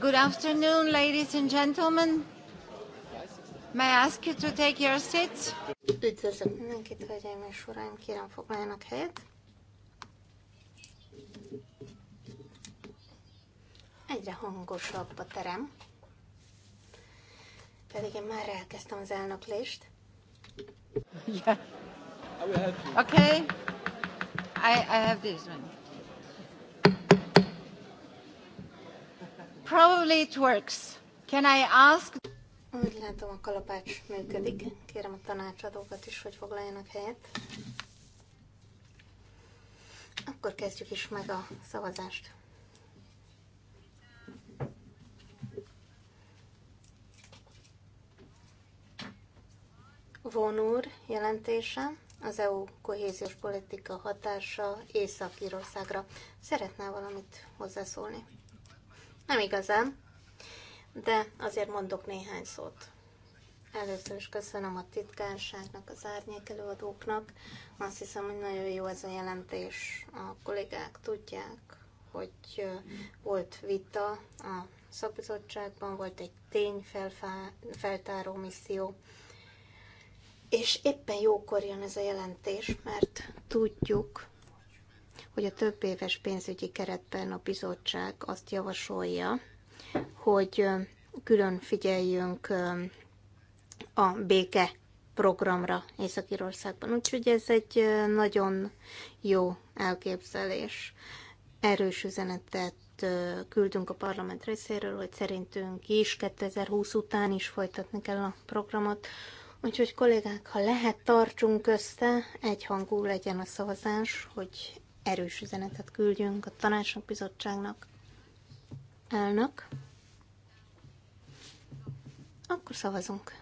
Good afternoon, ladies and gentlemen. May I ask you to take your seats? Üdvözlök mindenkit, hölgyeim és uraim, kérem foglaljanak helyet. Egyre hangosabb a terem, pedig én már elkezdtem az elnöklést. Yeah. Okay. I, I have this one. Probably it works. Can I ask? Úgy látom, a kalapács működik. Kérem a tanácsadókat is, hogy foglaljanak helyet. Akkor kezdjük is meg a szavazást. Vonur jelentése, az EU kohéziós politika hatása Észak-Írországra. Szeretnél valamit hozzászólni? Nem igazán, de azért mondok néhány szót. Először is köszönöm a titkárságnak, az árnyék előadóknak. Azt hiszem, hogy nagyon jó ez a jelentés. A kollégák tudják, hogy volt vita a szakbizottságban, volt egy tényfeltáró misszió, és éppen jókor jön ez a jelentés, mert tudjuk, hogy a több éves pénzügyi keretben a bizottság azt javasolja, hogy külön figyeljünk a béke programra Észak-Írországban. Úgyhogy ez egy nagyon jó elképzelés. Erős üzenetet küldünk a parlament részéről, hogy szerintünk is 2020 után is folytatni kell a programot. Úgyhogy kollégák, ha lehet, tartsunk össze, egyhangú legyen a szavazás, hogy erős üzenetet küldjünk a tanácsnok bizottságnak. Elnök. Akkor szavazunk.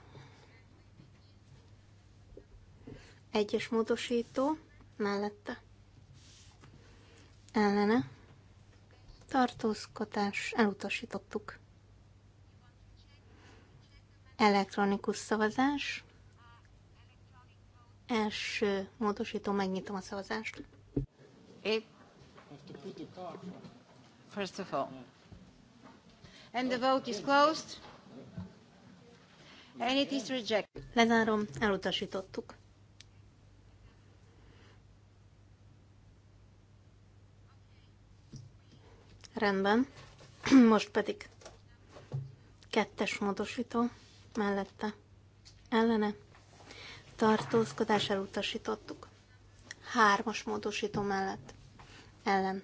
Egyes módosító mellette. Ellene. Tartózkodás. Elutasítottuk. Elektronikus szavazás. Első módosító. Megnyitom a szavazást. It, first of all. And the vote is closed. And it is rejected. Lezárom, elutasítottuk. Rendben. Most pedig kettes módosító mellette ellene tartózkodás elutasítottuk. Hármas módosító mellett ellen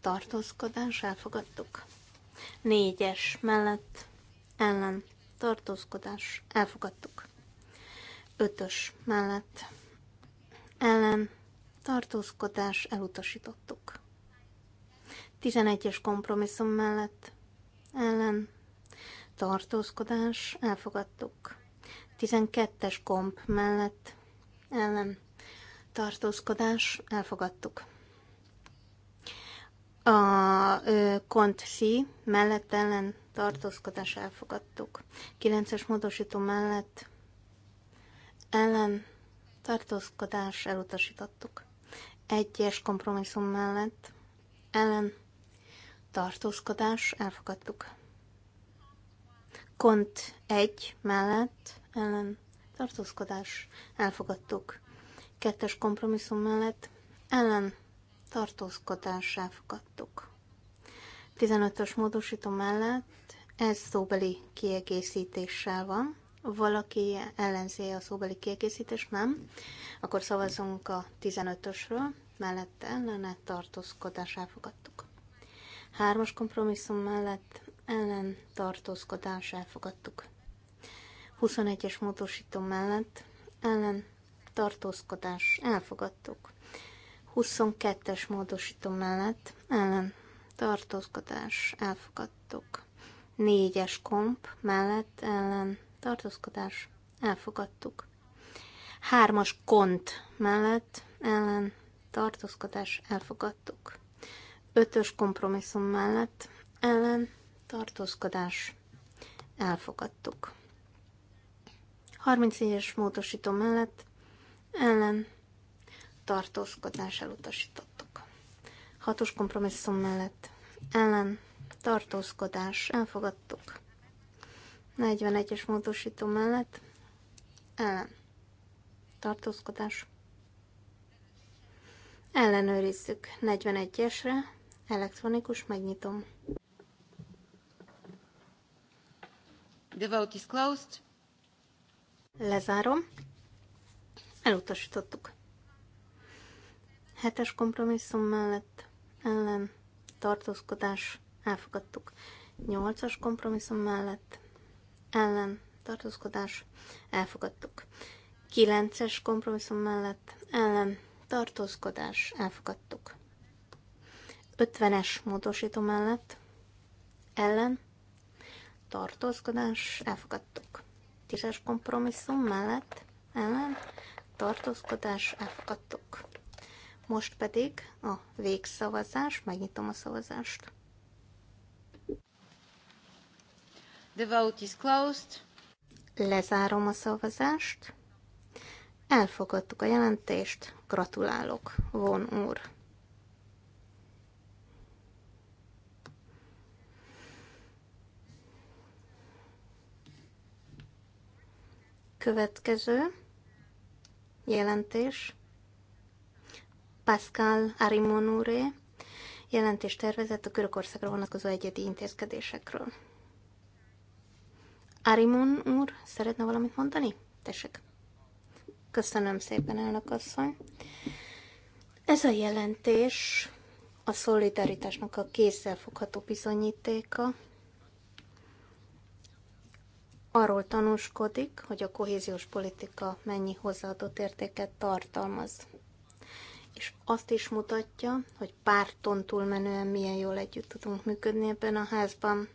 tartózkodás elfogadtuk. Négyes mellett ellen tartózkodás elfogadtuk. Ötös mellett ellen tartózkodás elutasítottuk. Tizenegyes kompromisszum mellett ellen tartózkodás elfogadtuk. Tizenkettes komp mellett ellen tartózkodás elfogadtuk. A kont si mellett ellen tartózkodás elfogadtuk. 9-es módosító mellett ellen tartózkodás elutasítottuk. Egyes kompromisszum mellett ellen tartózkodás elfogadtuk. Kont 1 mellett ellen tartózkodás elfogadtuk. Kettes kompromisszum mellett ellen tartózkodás fogadtuk. 15-ös módosító mellett ez szóbeli kiegészítéssel van. Valaki ellenzi a szóbeli kiegészítést, nem? Akkor szavazunk a 15-ösről, mellette ellene tartózkodás elfogadtuk. Hármas kompromisszum mellett ellen tartózkodás elfogadtuk. 21-es módosító mellett ellen tartózkodás elfogadtuk. 22-es módosító mellett ellen tartózkodás elfogadtuk. 4-es komp mellett ellen tartózkodás elfogadtuk. 3-as kont mellett ellen tartózkodás elfogadtuk. 5-ös kompromisszum mellett ellen tartózkodás elfogadtuk. 34-es módosító mellett ellen tartózkodás elutasítottak. Hatos kompromisszum mellett ellen tartózkodás elfogadtuk. 41-es módosító mellett ellen tartózkodás. Ellenőrizzük 41-esre, elektronikus megnyitom. The vote is closed. Lezárom. Elutasítottuk. Hetes kompromisszum mellett ellen tartózkodás elfogadtuk. Nyolcas kompromisszum mellett ellen tartózkodás elfogadtuk. Kilences kompromisszum mellett ellen tartózkodás elfogadtuk. 50-es módosító mellett ellen tartózkodás elfogadtuk. 10-es kompromisszum mellett ellen tartózkodás elfogadtuk. Most pedig a végszavazás, megnyitom a szavazást. The vote is closed. Lezárom a szavazást. Elfogadtuk a jelentést. Gratulálok, von úr. Következő jelentés. Pascal Arimonure jelentés tervezett a Körökországra vonatkozó egyedi intézkedésekről. Arimon úr, szeretne valamit mondani? Tessék. Köszönöm szépen, elnök asszony. Ez a jelentés a szolidaritásnak a kézzelfogható bizonyítéka. Arról tanúskodik, hogy a kohéziós politika mennyi hozzáadott értéket tartalmaz és azt is mutatja, hogy párton túlmenően milyen jól együtt tudunk működni ebben a házban.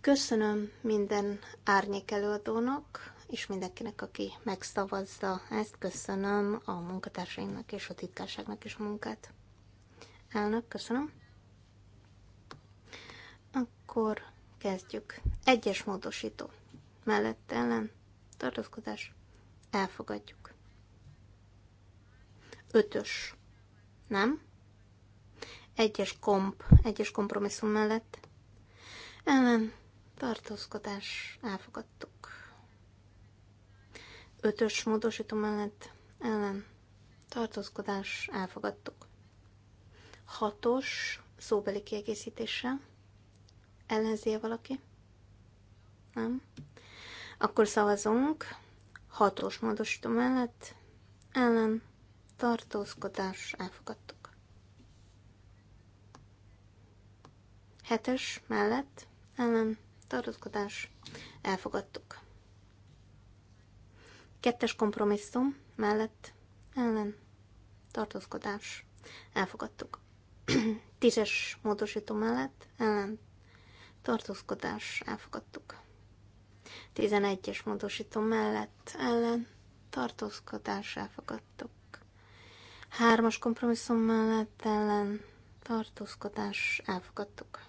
Köszönöm minden árnyék előadónak, és mindenkinek, aki megszavazza ezt. Köszönöm a munkatársaimnak és a titkárságnak is a munkát. Elnök, köszönöm. Akkor kezdjük. Egyes módosító. Mellett ellen. Tartózkodás. Elfogadjuk. Ötös. Nem? Egyes komp, egyes kompromisszum mellett. Ellen, tartózkodás, elfogadtuk. Ötös módosító mellett. Ellen, tartózkodás, elfogadtuk. Hatos, szóbeli kiegészítéssel. Ellenzi -e valaki? Nem? Akkor szavazunk. Hatos módosító mellett. Ellen, tartózkodás elfogadtuk. Hetes mellett ellen tartózkodás elfogadtuk. Kettes kompromisszum mellett ellen tartózkodás elfogadtuk. Tízes módosító mellett ellen tartózkodás elfogadtuk. 11-es módosító mellett ellen tartózkodás elfogadtuk. Hármas kompromisszum mellett ellen tartózkodás elfogadtuk.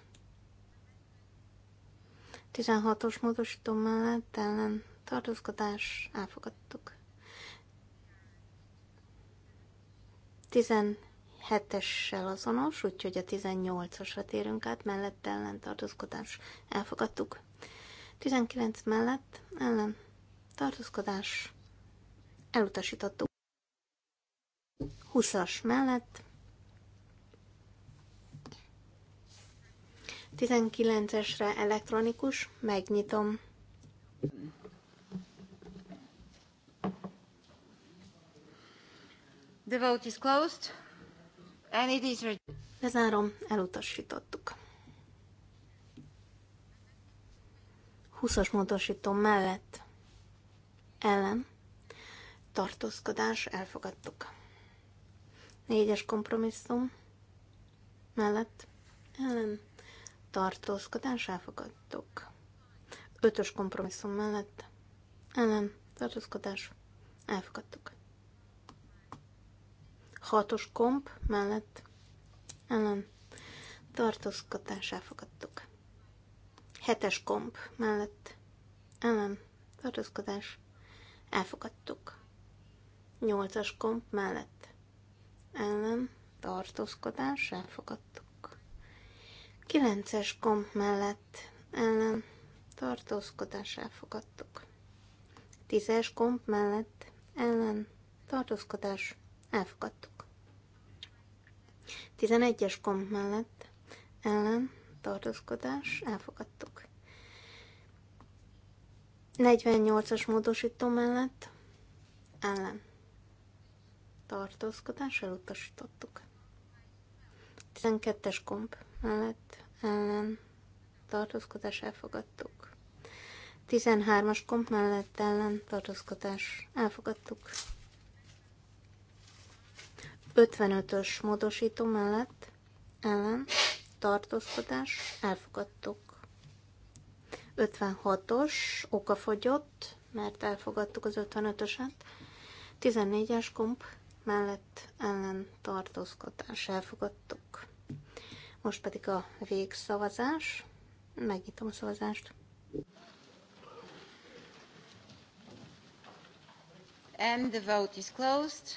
16-os módosító mellett ellen tartózkodás elfogadtuk. 17-essel azonos, úgyhogy a 18-asra térünk át, mellett ellen tartózkodás elfogadtuk. 19 mellett ellen tartózkodás elutasítottuk. 20-as mellett, 19-esre elektronikus, megnyitom. The vote is closed, and it is Lezárom, elutasítottuk. 20-as módosító mellett ellen tartózkodás elfogadtuk. Négyes kompromisszum mellett ellen tartózkodás elfogadtuk. Ötös kompromisszum mellett ellen tartózkodás elfogadtuk. Hatos komp mellett ellen tartózkodás elfogadtuk. Hetes komp mellett ellen tartózkodás elfogadtuk. Nyolcas komp mellett ellen tartózkodás elfogadtuk. 9-es komp mellett ellen tartózkodás elfogadtuk. 10-es komp mellett ellen tartózkodás elfogadtuk. 11-es komp mellett ellen tartózkodás elfogadtuk. 48-as módosító mellett ellen tartózkodás elutasítottuk. 12-es komp mellett ellen tartózkodás elfogadtuk. 13-as komp mellett ellen tartózkodás elfogadtuk. 55-ös módosító mellett ellen tartózkodás elfogadtuk. 56-os okafogyott, mert elfogadtuk az 55-öset. 14-es komp mellett ellen tartózkodás elfogadtuk. Most pedig a végszavazás. Megnyitom a szavazást. And the vote is closed.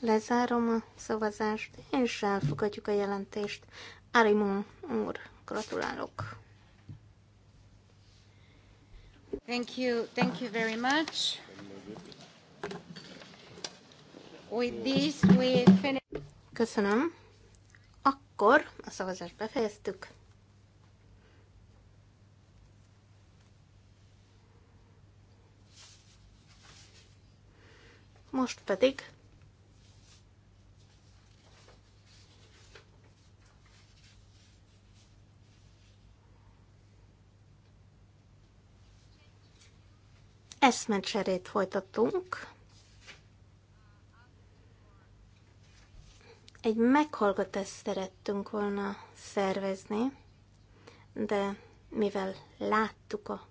Lezárom a szavazást, és elfogadjuk a jelentést. Arimon úr, gratulálok! Thank you, thank you very much. Köszönöm. Akkor a szavazást befejeztük. Most pedig eszmecserét folytatunk. Egy meghallgatást szerettünk volna szervezni, de mivel láttuk a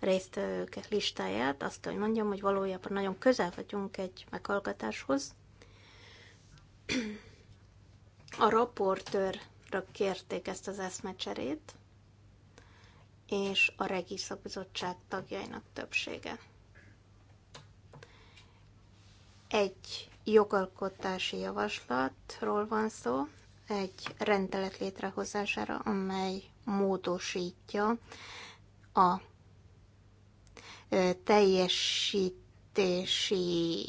résztvevők listáját, azt kell, hogy mondjam, hogy valójában nagyon közel vagyunk egy meghallgatáshoz. A raportőrra kérték ezt az eszmecserét, és a regiszabizottság tagjainak többsége. Egy jogalkotási javaslatról van szó, egy rendelet létrehozására, amely módosítja a teljesítési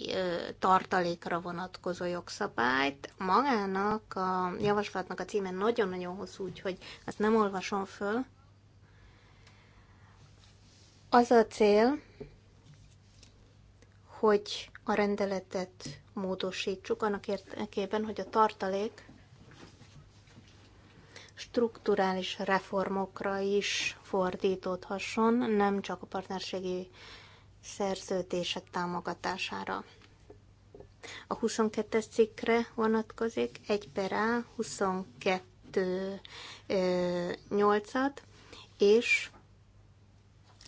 tartalékra vonatkozó jogszabályt. Magának a javaslatnak a címe nagyon-nagyon hosszú, úgyhogy azt nem olvasom föl. Az a cél, hogy a rendeletet módosítsuk annak érdekében, hogy a tartalék strukturális reformokra is fordítódhasson, nem csak a partnerségi szerződések támogatására. A 22-es cikkre vonatkozik, 1 per A, 22 8-at, és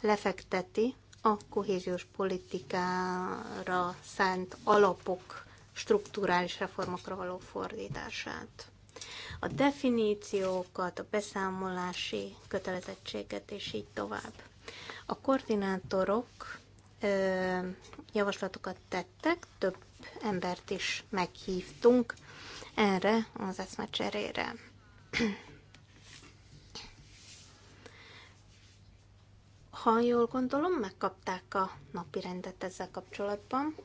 lefekteti a kohéziós politikára szánt alapok strukturális reformokra való fordítását. A definíciókat, a beszámolási kötelezettséget, és így tovább. A koordinátorok ö, javaslatokat tettek, több embert is meghívtunk erre az eszmecserére. Ha jól gondolom, megkapták a napi rendet ezzel kapcsolatban.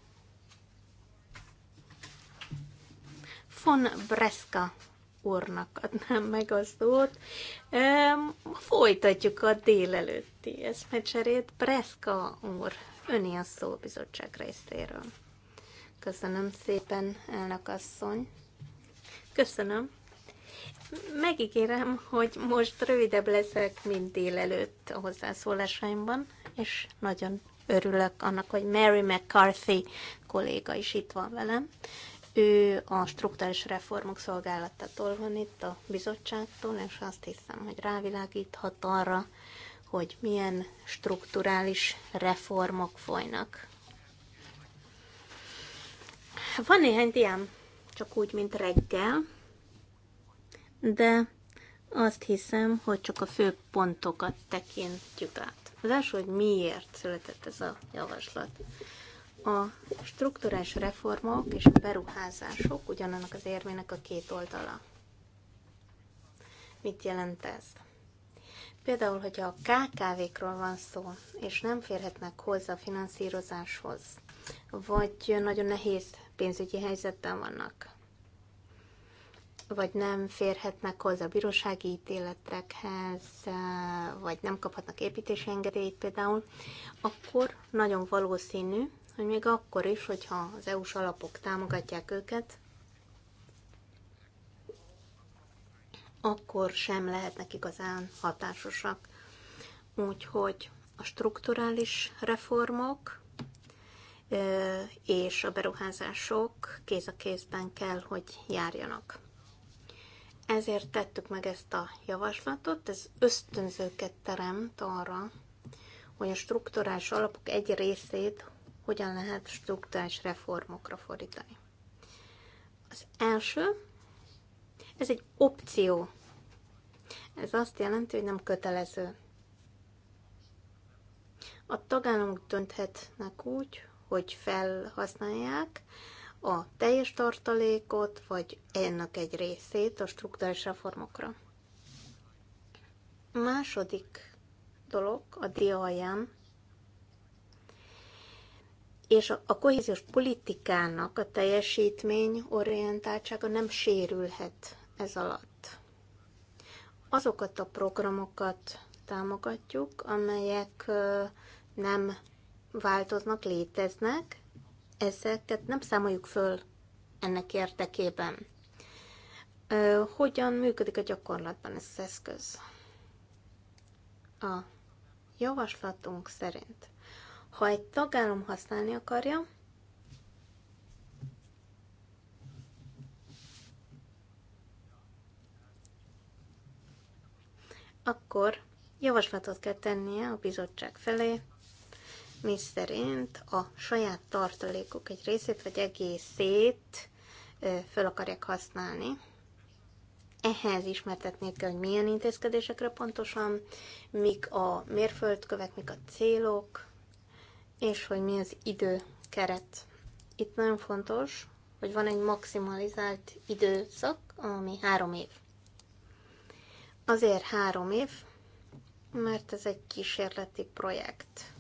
Von Breska úrnak adnám meg a szót. Folytatjuk a délelőtti eszmecserét. Breska úr, öné a szó bizottság részéről. Köszönöm szépen, elnök asszony. Köszönöm. Megígérem, hogy most rövidebb leszek, mint délelőtt a hozzászólásaimban, és nagyon örülök annak, hogy Mary McCarthy kolléga is itt van velem. Ő a struktúrális reformok szolgálatától van itt a bizottságtól, és azt hiszem, hogy rávilágíthat arra, hogy milyen strukturális reformok folynak. Van néhány diám, csak úgy, mint reggel, de azt hiszem, hogy csak a fő pontokat tekintjük át. Az első, hogy miért született ez a javaslat. A strukturális reformok és a beruházások ugyanannak az érvének a két oldala. Mit jelent ez? Például, hogyha a KKV-król van szó, és nem férhetnek hozzá a finanszírozáshoz, vagy nagyon nehéz pénzügyi helyzetben vannak, vagy nem férhetnek hozzá a bírósági ítéletekhez, vagy nem kaphatnak építési engedélyt például, akkor nagyon valószínű, hogy még akkor is, hogyha az EU-s alapok támogatják őket, akkor sem lehetnek igazán hatásosak. Úgyhogy a strukturális reformok és a beruházások kéz a kézben kell, hogy járjanak. Ezért tettük meg ezt a javaslatot, ez ösztönzőket teremt arra, hogy a strukturális alapok egy részét hogyan lehet struktúrás reformokra fordítani. Az első, ez egy opció. Ez azt jelenti, hogy nem kötelező. A tagállamok dönthetnek úgy, hogy felhasználják, a teljes tartalékot, vagy ennek egy részét a struktúrális reformokra. Második dolog a dia és a, a kohéziós politikának a teljesítmény orientáltsága nem sérülhet ez alatt. Azokat a programokat támogatjuk, amelyek nem változnak, léteznek, ezeket nem számoljuk föl ennek érdekében. Hogyan működik a gyakorlatban ez az eszköz? A javaslatunk szerint, ha egy tagállam használni akarja, akkor javaslatot kell tennie a bizottság felé, mi szerint a saját tartalékok egy részét vagy egészét föl akarják használni. Ehhez ismertetnék kell, hogy milyen intézkedésekre pontosan, mik a mérföldkövek, mik a célok, és hogy mi az időkeret. Itt nagyon fontos, hogy van egy maximalizált időszak, ami három év. Azért három év, mert ez egy kísérleti projekt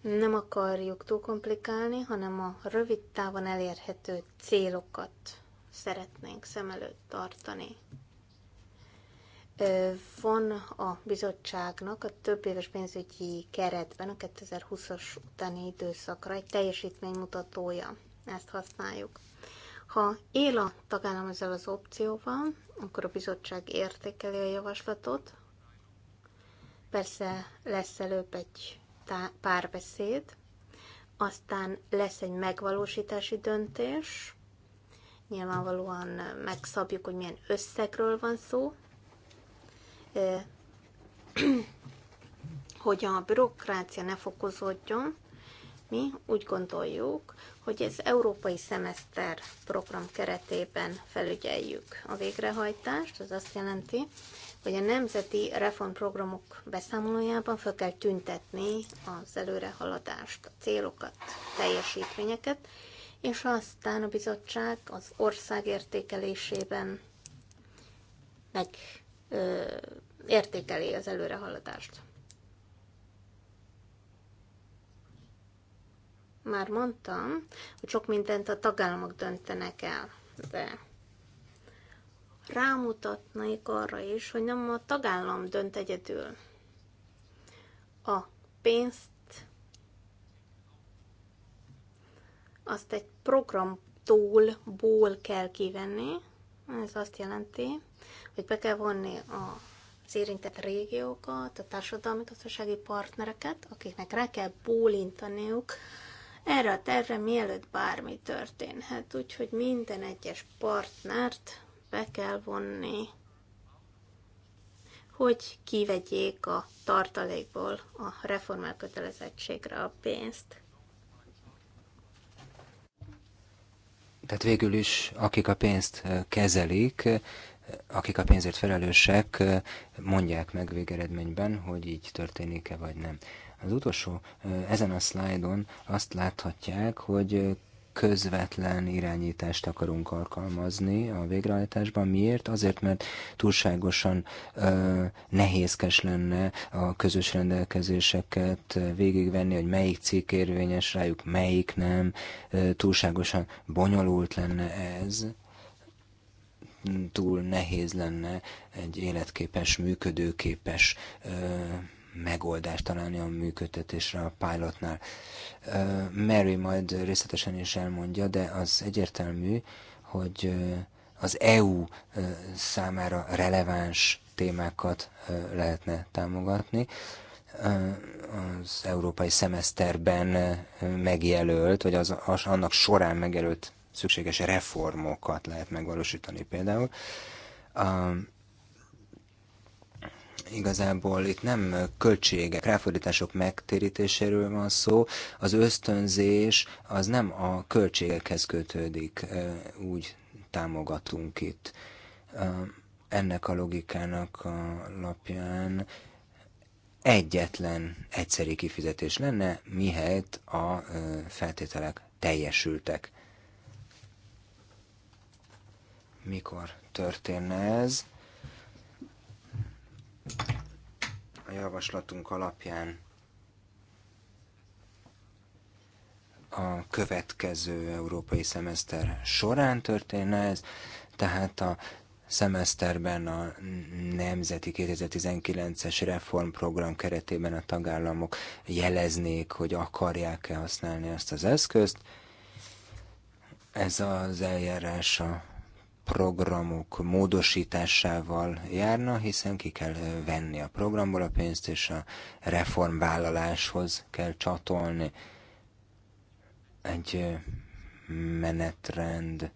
nem akarjuk túl komplikálni, hanem a rövid távon elérhető célokat szeretnénk szem előtt tartani. Van a bizottságnak a több éves pénzügyi keretben a 2020-as utáni időszakra egy teljesítménymutatója. Ezt használjuk. Ha él a tagállam ezzel az opcióval, akkor a bizottság értékeli a javaslatot. Persze lesz előbb egy párbeszéd, aztán lesz egy megvalósítási döntés, nyilvánvalóan megszabjuk, hogy milyen összegről van szó, hogy a bürokrácia ne fokozódjon, mi úgy gondoljuk, hogy ez európai szemeszter program keretében felügyeljük a végrehajtást, az azt jelenti, hogy a nemzeti reformprogramok beszámolójában fel kell tüntetni az előrehaladást, a célokat, teljesítményeket, és aztán a bizottság az ország értékelésében meg ö, értékeli az előrehaladást. Már mondtam, hogy sok mindent a tagállamok döntenek el, de rámutatnék arra is, hogy nem a tagállam dönt egyedül. A pénzt azt egy programtól ból kell kivenni. Ez azt jelenti, hogy be kell vonni a az érintett régiókat, a társadalmi gazdasági partnereket, akiknek rá kell bólintaniuk erre a terre, mielőtt bármi történhet. Úgyhogy minden egyes partnert be kell vonni, hogy kivegyék a tartalékból a reformál kötelezettségre a pénzt. Tehát végül is, akik a pénzt kezelik, akik a pénzért felelősek, mondják meg végeredményben, hogy így történik-e vagy nem. Az utolsó, ezen a szlájdon azt láthatják, hogy közvetlen irányítást akarunk alkalmazni a végrehajtásban. Miért? Azért, mert túlságosan ö, nehézkes lenne a közös rendelkezéseket végigvenni, hogy melyik cikk érvényes rájuk, melyik nem. Ö, túlságosan bonyolult lenne ez túl nehéz lenne egy életképes, működőképes ö, megoldást találni a működtetésre a pilotnál. Mary majd részletesen is elmondja, de az egyértelmű, hogy az EU számára releváns témákat lehetne támogatni. Az európai szemeszterben megjelölt, vagy az, az annak során megjelölt szükséges reformokat lehet megvalósítani például. Igazából itt nem költségek, ráfordítások megtérítéséről van szó, az ösztönzés az nem a költségekhez kötődik, úgy támogatunk itt. Ennek a logikának a lapján egyetlen egyszeri kifizetés lenne, mihelyt a feltételek teljesültek. Mikor történne ez? a javaslatunk alapján a következő európai szemeszter során történne ez, tehát a szemeszterben a Nemzeti 2019-es reformprogram keretében a tagállamok jeleznék, hogy akarják-e használni ezt az eszközt. Ez az eljárás a programok módosításával járna, hiszen ki kell venni a programból a pénzt, és a reformvállaláshoz kell csatolni egy menetrend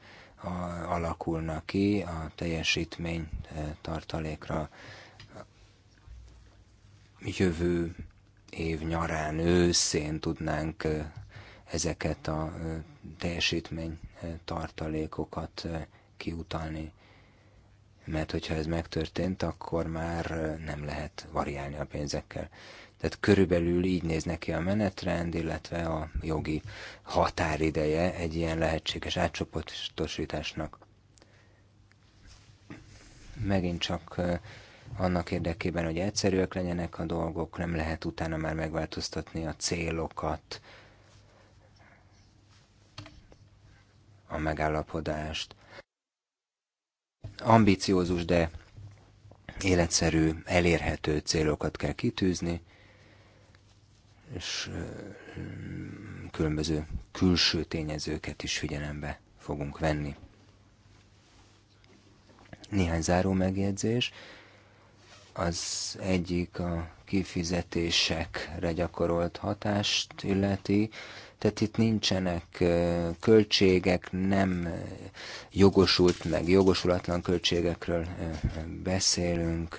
alakulna ki a teljesítmény tartalékra jövő év nyarán, őszén tudnánk ezeket a teljesítmény tartalékokat kiutalni, mert hogyha ez megtörtént, akkor már nem lehet variálni a pénzekkel. Tehát körülbelül így néz neki a menetrend, illetve a jogi határideje egy ilyen lehetséges átcsoportosításnak. Megint csak annak érdekében, hogy egyszerűek legyenek a dolgok, nem lehet utána már megváltoztatni a célokat, a megállapodást ambiciózus, de életszerű, elérhető célokat kell kitűzni, és különböző külső tényezőket is figyelembe fogunk venni. Néhány záró megjegyzés. Az egyik a kifizetésekre gyakorolt hatást illeti. Tehát itt nincsenek költségek, nem jogosult meg jogosulatlan költségekről beszélünk,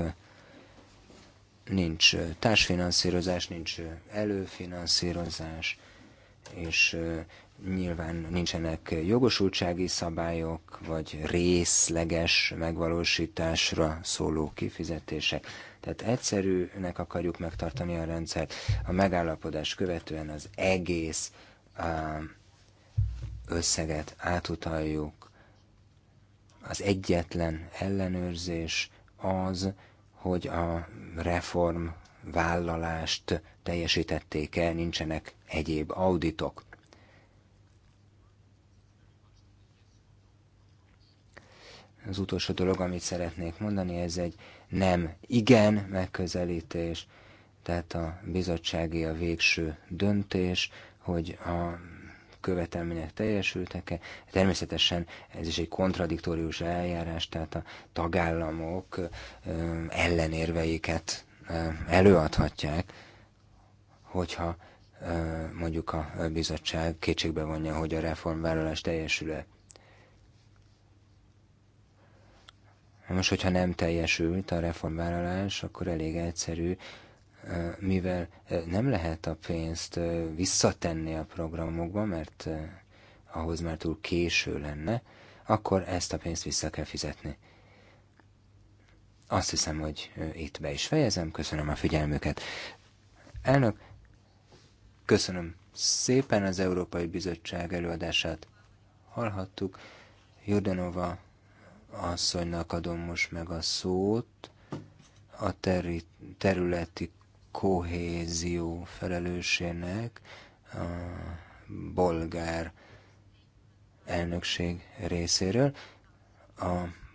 nincs társfinanszírozás, nincs előfinanszírozás, és nyilván nincsenek jogosultsági szabályok, vagy részleges megvalósításra szóló kifizetések. Tehát egyszerűnek akarjuk megtartani a rendszert, a megállapodás követően az egész összeget átutaljuk. Az egyetlen ellenőrzés az, hogy a reform vállalást teljesítették el, nincsenek egyéb auditok. Az utolsó dolog, amit szeretnék mondani, ez egy nem igen megközelítés, tehát a bizottsági a végső döntés, hogy a követelmények teljesültek-e. Természetesen ez is egy kontradiktórius eljárás, tehát a tagállamok ellenérveiket előadhatják, hogyha mondjuk a bizottság kétségbe vonja, hogy a reformvállalás teljesül-e. Most, hogyha nem teljesült a reformvállalás, akkor elég egyszerű mivel nem lehet a pénzt visszatenni a programokba, mert ahhoz már túl késő lenne, akkor ezt a pénzt vissza kell fizetni. Azt hiszem, hogy itt be is fejezem. Köszönöm a figyelmüket. Elnök, köszönöm szépen az Európai Bizottság előadását. Hallhattuk. Jordanova asszonynak adom most meg a szót a területi kohézió felelősének a bolgár elnökség részéről. A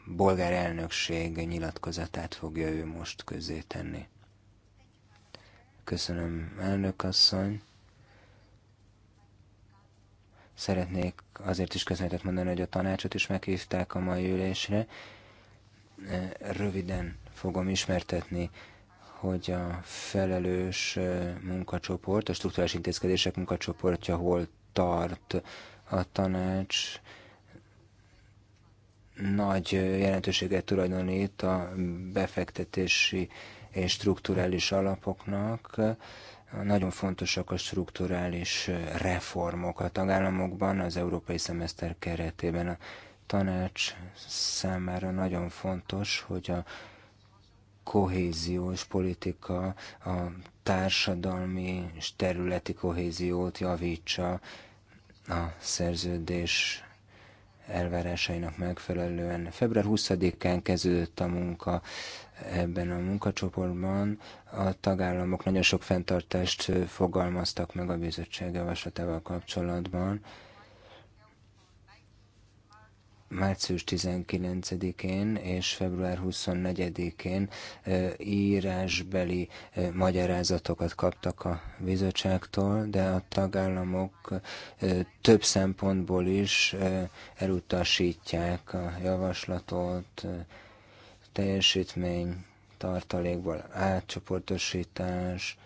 bolgár elnökség nyilatkozatát fogja ő most tenni. Köszönöm, elnök asszony. Szeretnék azért is köszönetet mondani, hogy a tanácsot is meghívták a mai ülésre. Röviden fogom ismertetni hogy a felelős munkacsoport, a struktúrás intézkedések munkacsoportja hol tart a tanács, nagy jelentőséget tulajdonít a befektetési és strukturális alapoknak. Nagyon fontosak a strukturális reformok a tagállamokban, az európai szemeszter keretében. A tanács számára nagyon fontos, hogy a kohéziós politika a társadalmi és területi kohéziót javítsa a szerződés elvárásainak megfelelően. Február 20-án kezdődött a munka ebben a munkacsoportban. A tagállamok nagyon sok fenntartást fogalmaztak meg a bizottság javaslatával kapcsolatban március 19-én és február 24-én írásbeli magyarázatokat kaptak a bizottságtól, de a tagállamok több szempontból is elutasítják a javaslatot, teljesítmény, tartalékból átcsoportosítás,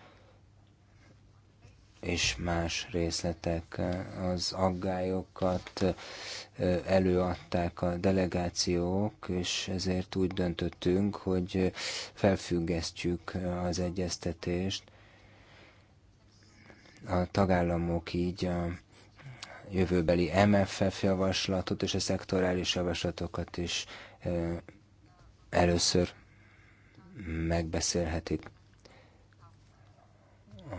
és más részletek. Az aggályokat előadták a delegációk, és ezért úgy döntöttünk, hogy felfüggesztjük az egyeztetést. A tagállamok így a jövőbeli MFF javaslatot és a szektorális javaslatokat is először megbeszélhetik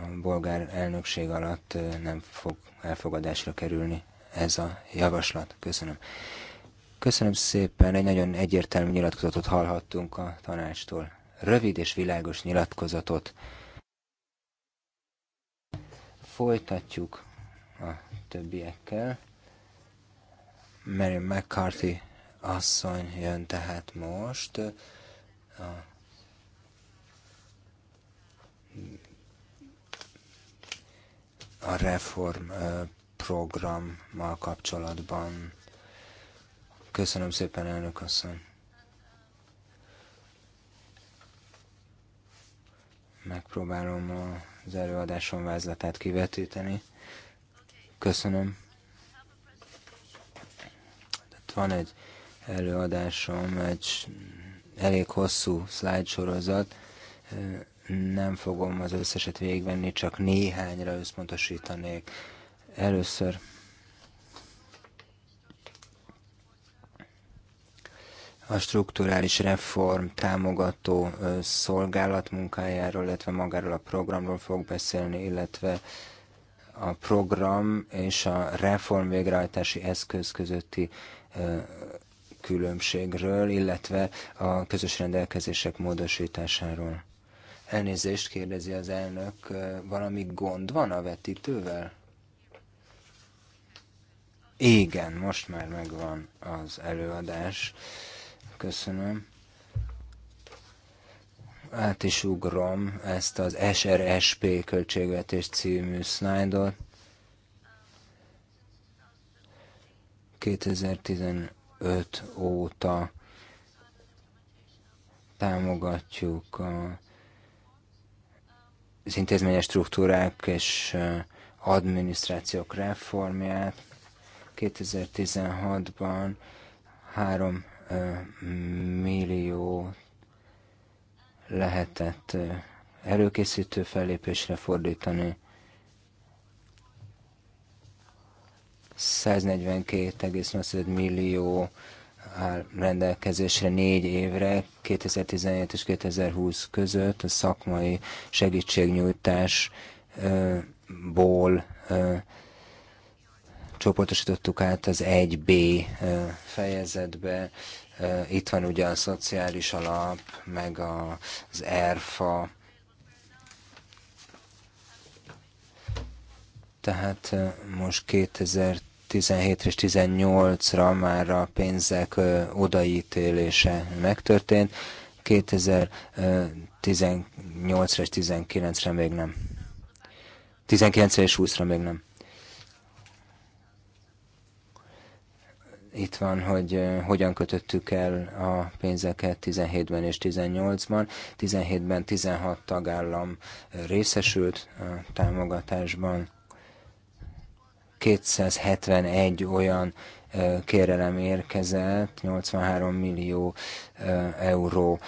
a bolgár elnökség alatt nem fog elfogadásra kerülni ez a javaslat. Köszönöm. Köszönöm szépen, egy nagyon egyértelmű nyilatkozatot hallhattunk a tanácstól. Rövid és világos nyilatkozatot. Folytatjuk a többiekkel. Mary McCarthy asszony jön tehát most a a reform programmal kapcsolatban. Köszönöm szépen, elnök asszony. Megpróbálom az előadásom vázlatát kivetíteni. Köszönöm. Tehát van egy előadásom, egy elég hosszú szlájdsorozat. sorozat nem fogom az összeset végigvenni, csak néhányra összpontosítanék. Először a strukturális reform támogató szolgálat munkájáról, illetve magáról a programról fog beszélni, illetve a program és a reform végrehajtási eszköz közötti különbségről, illetve a közös rendelkezések módosításáról. Elnézést kérdezi az elnök, valami gond van a vetítővel? Igen, most már megvan az előadás. Köszönöm. Át is ugrom ezt az SRSP költségvetés című szlájdot. 2015 óta támogatjuk a az intézményes struktúrák és adminisztrációk reformját. 2016-ban 3 millió lehetett előkészítő fellépésre fordítani. 142,8 millió áll rendelkezésre négy évre, 2017 és 2020 között a szakmai segítségnyújtásból csoportosítottuk át az 1B fejezetbe. Itt van ugye a szociális alap, meg az ERFA, tehát most 2000 17-re és 18-ra már a pénzek odaítélése megtörtént, 2018-ra és 19-re még nem. 19-re és 20-ra még nem. itt van, hogy hogyan kötöttük el a pénzeket 17-ben és 18-ban. 17-ben 16 tagállam részesült a támogatásban, 271 olyan kérelem érkezett, 83 millió euró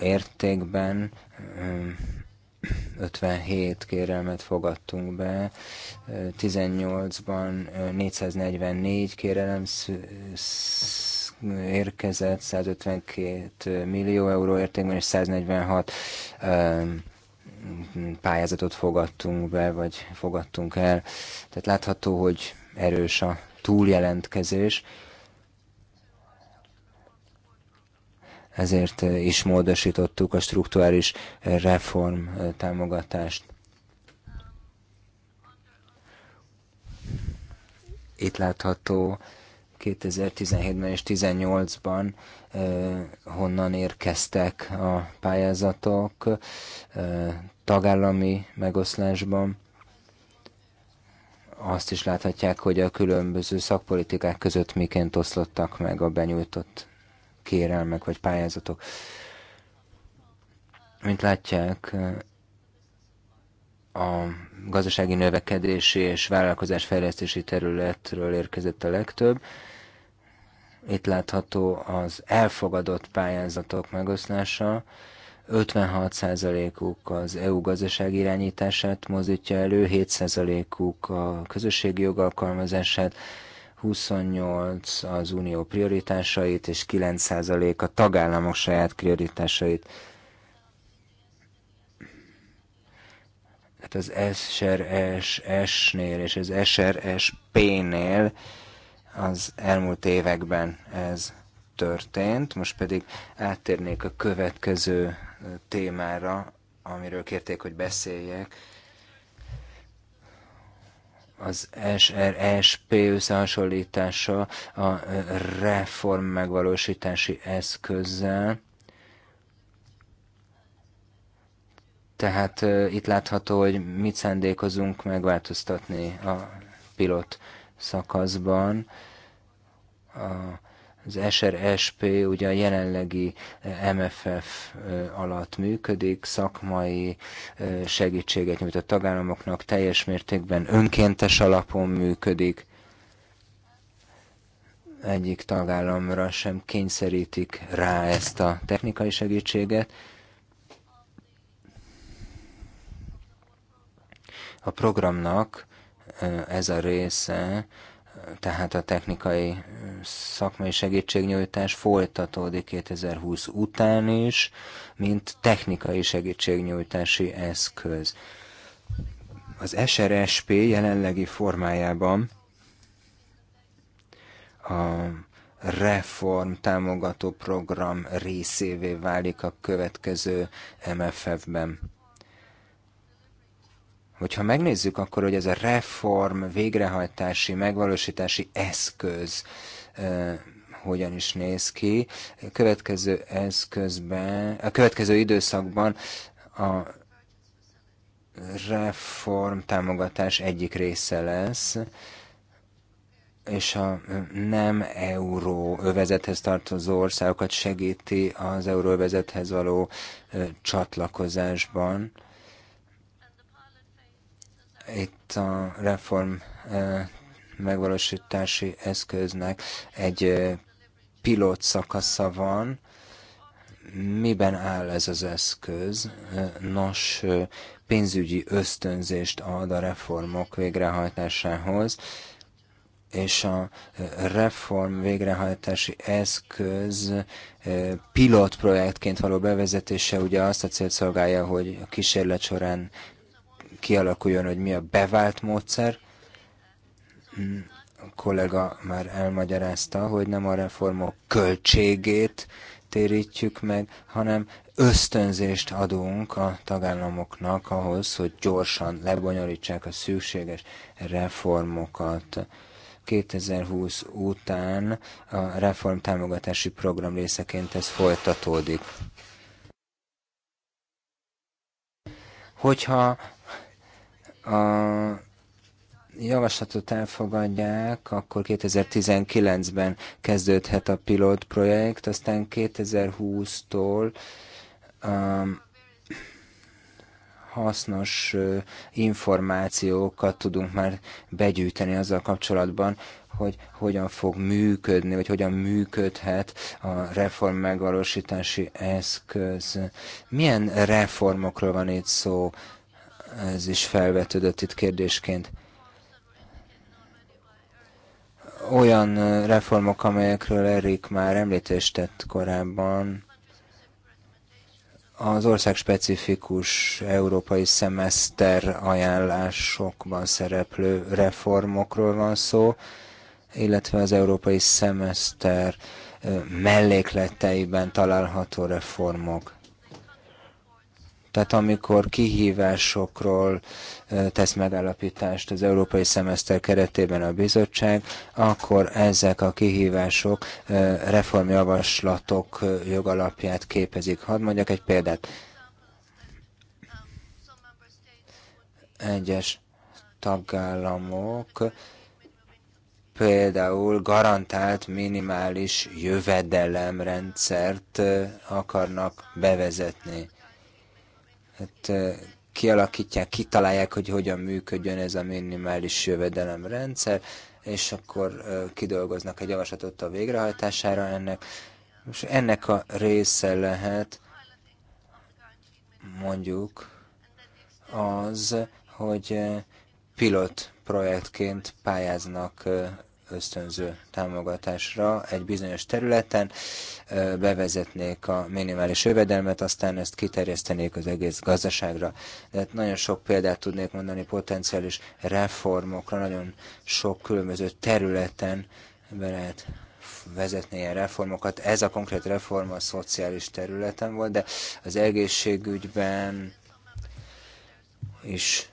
értékben, 57 kérelmet fogadtunk be, 18-ban 444 kérelem érkezett, 152 millió euró értékben és 146 pályázatot fogadtunk be, vagy fogadtunk el. Tehát látható, hogy erős a túljelentkezés. Ezért is módosítottuk a struktúrális reform támogatást. Itt látható, 2017-ben és 2018-ban honnan érkeztek a pályázatok tagállami megoszlásban. Azt is láthatják, hogy a különböző szakpolitikák között miként oszlottak meg a benyújtott kérelmek vagy pályázatok. Mint látják, a gazdasági növekedési és vállalkozásfejlesztési területről érkezett a legtöbb, itt látható az elfogadott pályázatok megoszlása. 56%-uk az EU gazdaság irányítását mozdítja elő, 7%-uk a közösségi jogalkalmazását, 28 az unió prioritásait, és 9% a tagállamok saját prioritásait. Tehát az SRSS-nél és az SRSP-nél az elmúlt években ez történt, most pedig áttérnék a következő témára, amiről kérték, hogy beszéljek. Az SRSP összehasonlítása a reform megvalósítási eszközzel. Tehát itt látható, hogy mit szándékozunk megváltoztatni a pilot szakaszban az SRSP ugye a jelenlegi eh, MFF eh, alatt működik, szakmai eh, segítséget nyújt a tagállamoknak, teljes mértékben önkéntes alapon működik, egyik tagállamra sem kényszerítik rá ezt a technikai segítséget. A programnak ez a része tehát a technikai szakmai segítségnyújtás folytatódik 2020 után is, mint technikai segítségnyújtási eszköz. Az SRSP jelenlegi formájában a reform támogató program részévé válik a következő MFF-ben Hogyha megnézzük akkor, hogy ez a reform végrehajtási, megvalósítási eszköz hogyan is néz ki, a következő eszközben, a következő időszakban a reform támogatás egyik része lesz, és a nem euró övezethez tartozó országokat segíti az euróövezethez való csatlakozásban. Itt a reform megvalósítási eszköznek egy pilót szakasza van, miben áll ez az eszköz? Nos, pénzügyi ösztönzést ad a reformok végrehajtásához, és a reform végrehajtási eszköz pilotprojektként való bevezetése ugye azt a célt szolgálja, hogy a kísérlet során kialakuljon, hogy mi a bevált módszer. A kollega már elmagyarázta, hogy nem a reformok költségét térítjük meg, hanem ösztönzést adunk a tagállamoknak ahhoz, hogy gyorsan lebonyolítsák a szükséges reformokat. 2020 után a reformtámogatási program részeként ez folytatódik. Hogyha a javaslatot elfogadják, akkor 2019-ben kezdődhet a pilot projekt, aztán 2020-tól um, hasznos uh, információkat tudunk már begyűjteni azzal kapcsolatban, hogy hogyan fog működni, vagy hogyan működhet a reform megvalósítási eszköz. Milyen reformokról van itt szó? ez is felvetődött itt kérdésként. Olyan reformok, amelyekről Erik már említést tett korábban, az ország specifikus európai szemeszter ajánlásokban szereplő reformokról van szó, illetve az európai szemeszter mellékleteiben található reformok. Tehát amikor kihívásokról tesz megállapítást az európai szemeszter keretében a bizottság, akkor ezek a kihívások reformjavaslatok jogalapját képezik. Hadd mondjak egy példát. Egyes tagállamok például garantált minimális jövedelemrendszert akarnak bevezetni hát kialakítják, kitalálják, hogy hogyan működjön ez a minimális jövedelemrendszer, és akkor kidolgoznak egy javaslatot a végrehajtására ennek. És ennek a része lehet mondjuk az, hogy pilot projektként pályáznak ösztönző támogatásra egy bizonyos területen, bevezetnék a minimális jövedelmet, aztán ezt kiterjesztenék az egész gazdaságra. De hát nagyon sok példát tudnék mondani potenciális reformokra, nagyon sok különböző területen be lehet vezetni ilyen reformokat. Ez a konkrét reform a szociális területen volt, de az egészségügyben is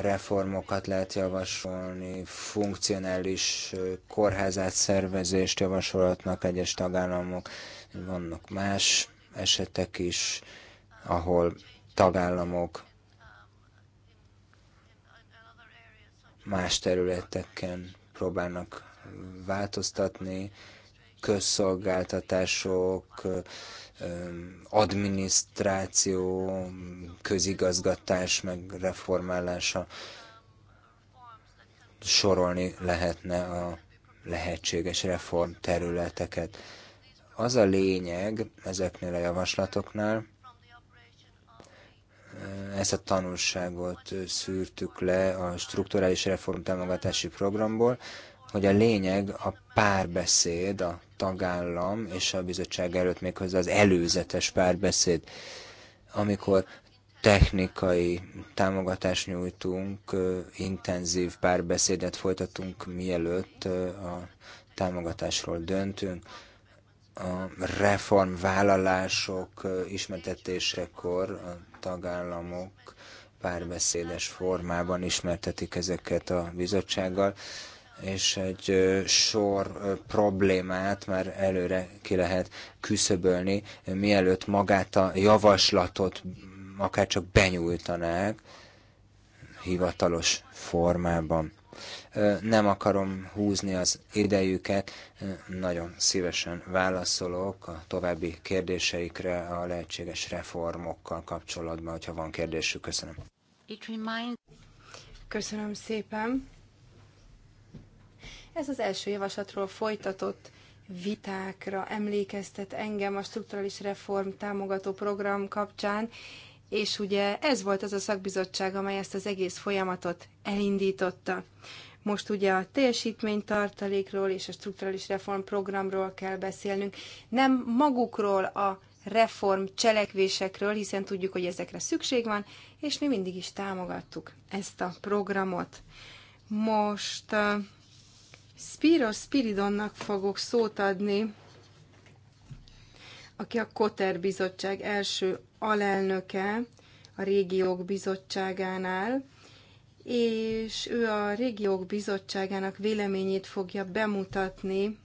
reformokat lehet javasolni, funkcionális kórházát szervezést javasolhatnak egyes tagállamok. Vannak más esetek is, ahol tagállamok más területeken próbálnak változtatni, közszolgáltatások, adminisztráció, közigazgatás meg reformálása sorolni lehetne a lehetséges reform területeket. Az a lényeg ezeknél a javaslatoknál, ezt a tanulságot szűrtük le a strukturális reform támogatási programból, hogy a lényeg a párbeszéd, a tagállam és a bizottság előtt méghozzá az előzetes párbeszéd, amikor technikai támogatást nyújtunk, intenzív párbeszédet folytatunk, mielőtt a támogatásról döntünk. A reformvállalások ismertetésekor a tagállamok párbeszédes formában ismertetik ezeket a bizottsággal és egy sor problémát már előre ki lehet küszöbölni, mielőtt magát a javaslatot akár csak benyújtanák hivatalos formában. Nem akarom húzni az idejüket, nagyon szívesen válaszolok a további kérdéseikre a lehetséges reformokkal kapcsolatban, hogyha van kérdésük. Köszönöm. Köszönöm szépen. Ez az első javaslatról folytatott vitákra emlékeztet engem a strukturális reform támogató program kapcsán, és ugye ez volt az a szakbizottság, amely ezt az egész folyamatot elindította. Most ugye a teljesítménytartalékról és a strukturális programról kell beszélnünk, nem magukról a reform cselekvésekről, hiszen tudjuk, hogy ezekre szükség van, és mi mindig is támogattuk ezt a programot. Most Spiros Spiridonnak fogok szót adni, aki a Koter Bizottság első alelnöke a Régiók Bizottságánál, és ő a Régiók Bizottságának véleményét fogja bemutatni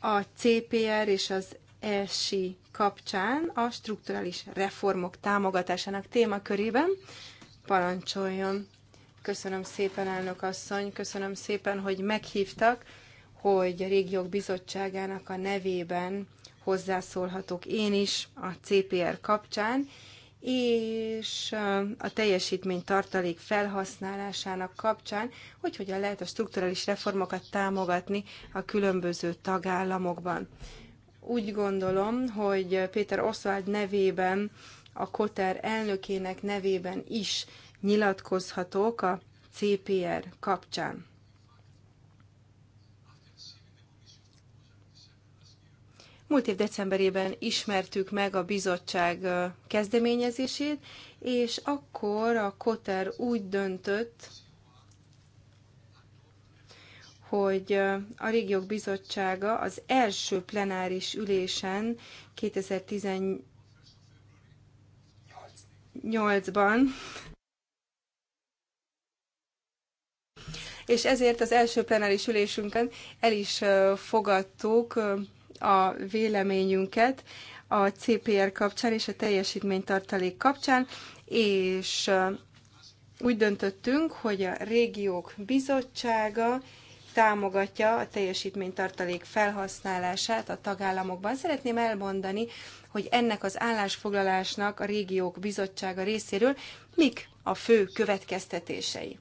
a CPR és az ESI kapcsán a strukturális reformok támogatásának témakörében. Parancsoljon! Köszönöm szépen, elnök asszony, köszönöm szépen, hogy meghívtak, hogy a Régiók Bizottságának a nevében hozzászólhatok én is a CPR kapcsán, és a teljesítmény tartalék felhasználásának kapcsán, hogy hogyan lehet a strukturális reformokat támogatni a különböző tagállamokban. Úgy gondolom, hogy Péter Oswald nevében, a Koter elnökének nevében is nyilatkozhatok a CPR kapcsán. Múlt év decemberében ismertük meg a bizottság kezdeményezését, és akkor a Koter úgy döntött, hogy a Régiók Bizottsága az első plenáris ülésen 2018-ban és ezért az első plenáris ülésünkön el is fogadtuk a véleményünket a CPR kapcsán és a teljesítménytartalék kapcsán, és úgy döntöttünk, hogy a régiók bizottsága támogatja a teljesítménytartalék felhasználását a tagállamokban. Szeretném elmondani, hogy ennek az állásfoglalásnak a régiók bizottsága részéről mik a fő következtetései.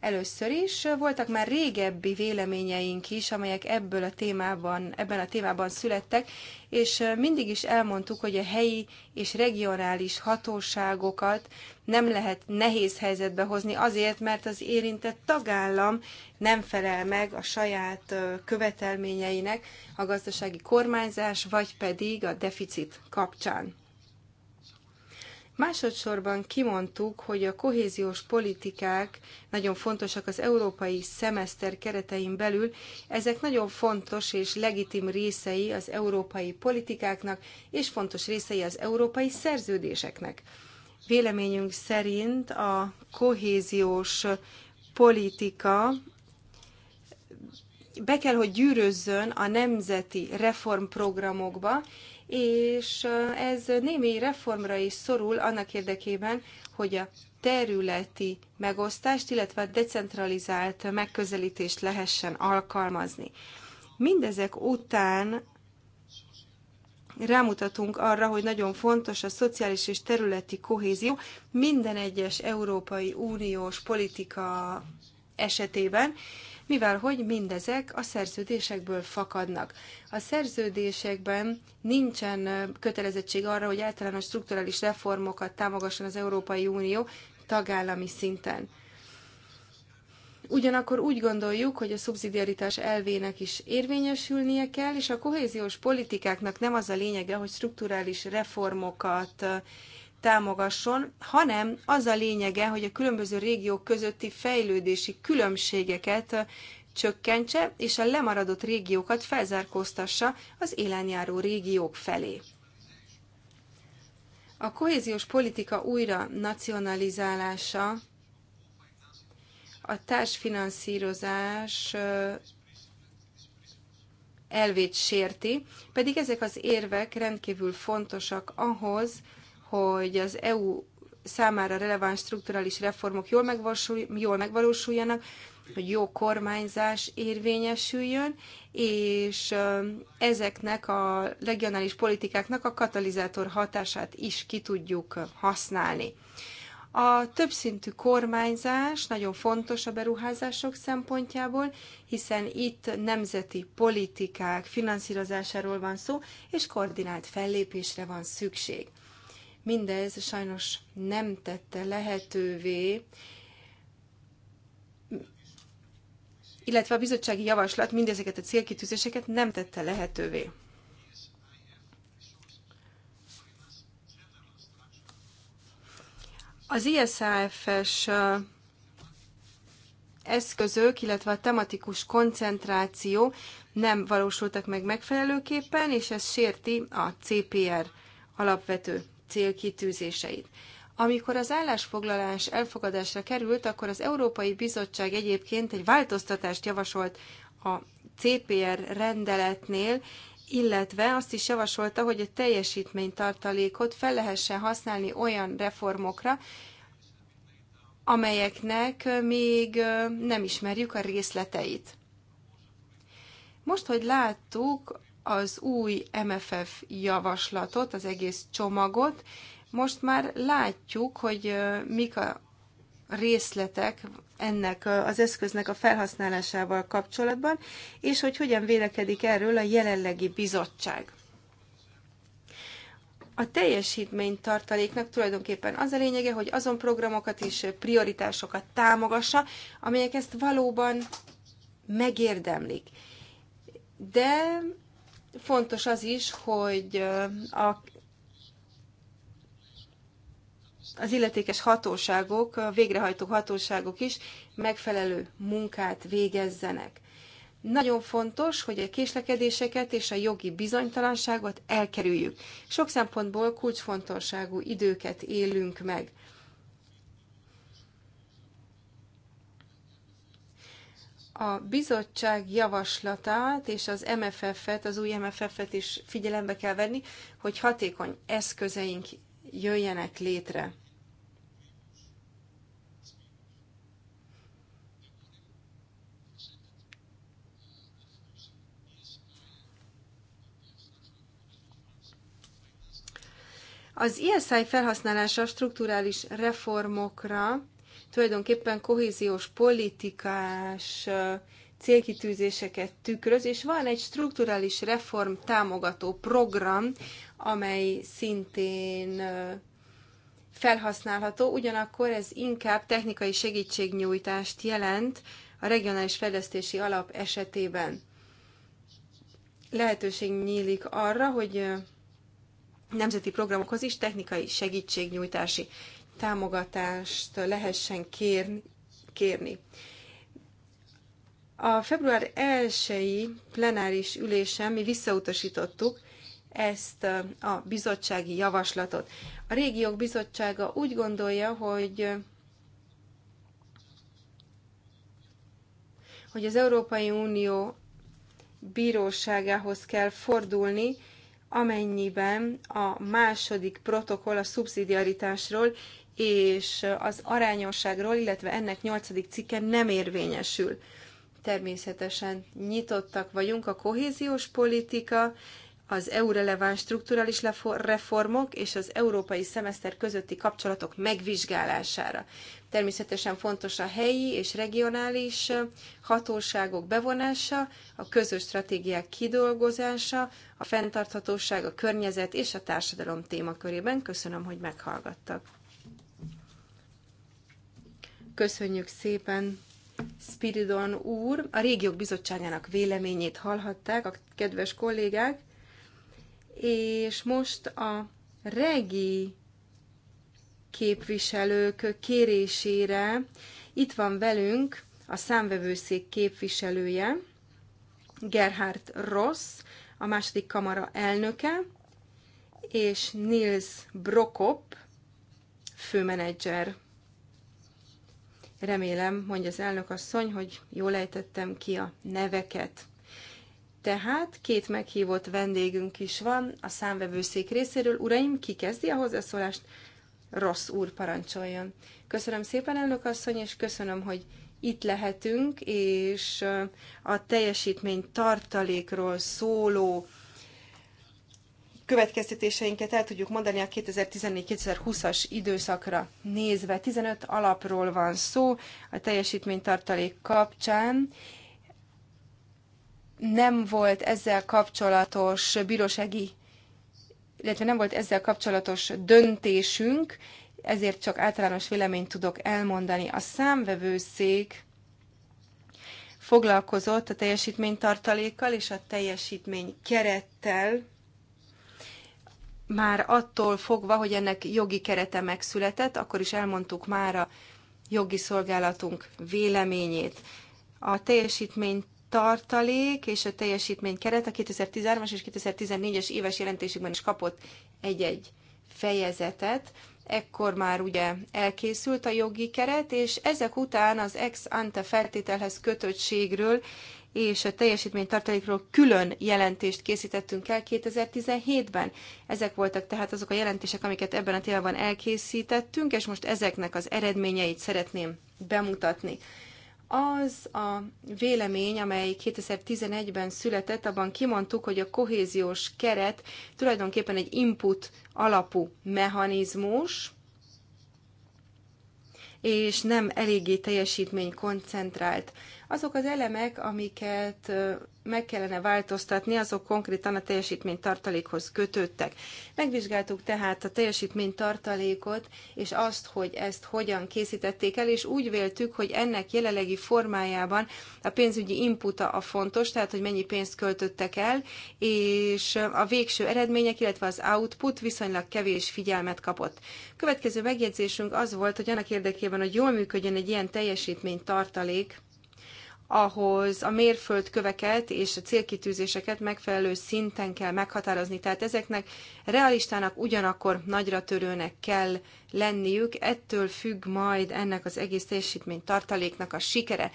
Először is voltak már régebbi véleményeink is, amelyek ebből a témában, ebben a témában születtek, és mindig is elmondtuk, hogy a helyi és regionális hatóságokat nem lehet nehéz helyzetbe hozni azért, mert az érintett tagállam nem felel meg a saját követelményeinek a gazdasági kormányzás, vagy pedig a deficit kapcsán. Másodszorban kimondtuk, hogy a kohéziós politikák nagyon fontosak az európai szemeszter keretein belül. Ezek nagyon fontos és legitim részei az európai politikáknak, és fontos részei az európai szerződéseknek. Véleményünk szerint a kohéziós politika be kell, hogy gyűrözzön a nemzeti reformprogramokba, és ez némi reformra is szorul annak érdekében, hogy a területi megosztást, illetve a decentralizált megközelítést lehessen alkalmazni. Mindezek után rámutatunk arra, hogy nagyon fontos a szociális és területi kohézió minden egyes Európai Uniós politika esetében, mivel hogy mindezek a szerződésekből fakadnak. A szerződésekben nincsen kötelezettség arra, hogy általános strukturális reformokat támogasson az Európai Unió tagállami szinten. Ugyanakkor úgy gondoljuk, hogy a szubszidiaritás elvének is érvényesülnie kell, és a kohéziós politikáknak nem az a lényege, hogy strukturális reformokat támogasson, hanem az a lényege, hogy a különböző régiók közötti fejlődési különbségeket csökkentse, és a lemaradott régiókat felzárkóztassa az élenjáró régiók felé. A kohéziós politika újra nacionalizálása, a társfinanszírozás elvét sérti, pedig ezek az érvek rendkívül fontosak ahhoz, hogy az EU számára releváns strukturális reformok jól, jól megvalósuljanak, hogy jó kormányzás érvényesüljön, és ezeknek a regionális politikáknak a katalizátor hatását is ki tudjuk használni. A többszintű kormányzás nagyon fontos a beruházások szempontjából, hiszen itt nemzeti politikák finanszírozásáról van szó, és koordinált fellépésre van szükség. Mindez sajnos nem tette lehetővé, illetve a bizottsági javaslat mindezeket a célkitűzéseket nem tette lehetővé. Az ISAF-es eszközök, illetve a tematikus koncentráció nem valósultak meg megfelelőképpen, és ez sérti a CPR alapvető célkitűzéseit. Amikor az állásfoglalás elfogadásra került, akkor az Európai Bizottság egyébként egy változtatást javasolt a CPR rendeletnél, illetve azt is javasolta, hogy a teljesítménytartalékot fel lehessen használni olyan reformokra, amelyeknek még nem ismerjük a részleteit. Most, hogy láttuk az új MFF javaslatot, az egész csomagot, most már látjuk, hogy mik a részletek ennek az eszköznek a felhasználásával kapcsolatban, és hogy hogyan vélekedik erről a jelenlegi bizottság. A teljesítmény tartaléknak tulajdonképpen az a lényege, hogy azon programokat és prioritásokat támogassa, amelyek ezt valóban megérdemlik. De Fontos az is, hogy a az illetékes hatóságok, a végrehajtó hatóságok is megfelelő munkát végezzenek. Nagyon fontos, hogy a késlekedéseket és a jogi bizonytalanságot elkerüljük. Sok szempontból kulcsfontosságú időket élünk meg. a bizottság javaslatát és az MFF-et, az új MFF-et is figyelembe kell venni, hogy hatékony eszközeink jöjjenek létre. Az ISI felhasználása strukturális reformokra tulajdonképpen kohéziós politikás célkitűzéseket tükröz, és van egy strukturális reform támogató program, amely szintén felhasználható, ugyanakkor ez inkább technikai segítségnyújtást jelent a regionális fejlesztési alap esetében. Lehetőség nyílik arra, hogy nemzeti programokhoz is technikai segítségnyújtási támogatást lehessen kérni. kérni. A február 1-i plenáris ülésen mi visszautasítottuk ezt a bizottsági javaslatot. A régiók bizottsága úgy gondolja, hogy hogy az Európai Unió bíróságához kell fordulni, amennyiben a második protokoll a szubszidiaritásról és az arányosságról, illetve ennek nyolcadik cikke nem érvényesül. Természetesen nyitottak vagyunk a kohéziós politika, az EU releváns strukturális reformok és az európai szemeszter közötti kapcsolatok megvizsgálására. Természetesen fontos a helyi és regionális hatóságok bevonása, a közös stratégiák kidolgozása, a fenntarthatóság, a környezet és a társadalom témakörében. Köszönöm, hogy meghallgattak. Köszönjük szépen, Spiridon úr. A régiók bizottságának véleményét hallhatták a kedves kollégák, és most a regi képviselők kérésére itt van velünk a számvevőszék képviselője, Gerhard Ross, a második kamara elnöke, és Nils Brokop, főmenedzser. Remélem, mondja az elnök asszony, hogy jól ejtettem ki a neveket. Tehát két meghívott vendégünk is van a számvevőszék részéről. Uraim, ki kezdi a hozzászólást? Rossz úr parancsoljon. Köszönöm szépen, elnök asszony, és köszönöm, hogy itt lehetünk, és a teljesítmény tartalékról szóló következtetéseinket el tudjuk mondani a 2014-2020-as időszakra nézve. 15 alapról van szó a teljesítménytartalék kapcsán. Nem volt ezzel kapcsolatos bírósági, illetve nem volt ezzel kapcsolatos döntésünk, ezért csak általános véleményt tudok elmondani. A számvevőszék foglalkozott a teljesítménytartalékkal és a teljesítmény kerettel, már attól fogva, hogy ennek jogi kerete megszületett, akkor is elmondtuk már a jogi szolgálatunk véleményét. A teljesítmény tartalék és a teljesítmény keret a 2013-as és 2014-es éves jelentésükben is kapott egy-egy fejezetet. Ekkor már ugye elkészült a jogi keret, és ezek után az ex ante feltételhez kötöttségről és a teljesítménytartalékról külön jelentést készítettünk el 2017-ben. Ezek voltak tehát azok a jelentések, amiket ebben a témában elkészítettünk, és most ezeknek az eredményeit szeretném bemutatni. Az a vélemény, amely 2011-ben született, abban kimondtuk, hogy a kohéziós keret tulajdonképpen egy input alapú mechanizmus, és nem eléggé teljesítmény koncentrált. Azok az elemek, amiket meg kellene változtatni, azok konkrétan a teljesítménytartalékhoz kötődtek. Megvizsgáltuk tehát a teljesítménytartalékot, és azt, hogy ezt hogyan készítették el, és úgy véltük, hogy ennek jelenlegi formájában a pénzügyi inputa a fontos, tehát hogy mennyi pénzt költöttek el, és a végső eredmények, illetve az output viszonylag kevés figyelmet kapott. Következő megjegyzésünk az volt, hogy annak érdekében, hogy jól működjön egy ilyen teljesítménytartalék, ahhoz a mérföldköveket és a célkitűzéseket megfelelő szinten kell meghatározni. Tehát ezeknek realistának, ugyanakkor nagyra törőnek kell lenniük, ettől függ majd ennek az egész teljesítmény tartaléknak a sikere.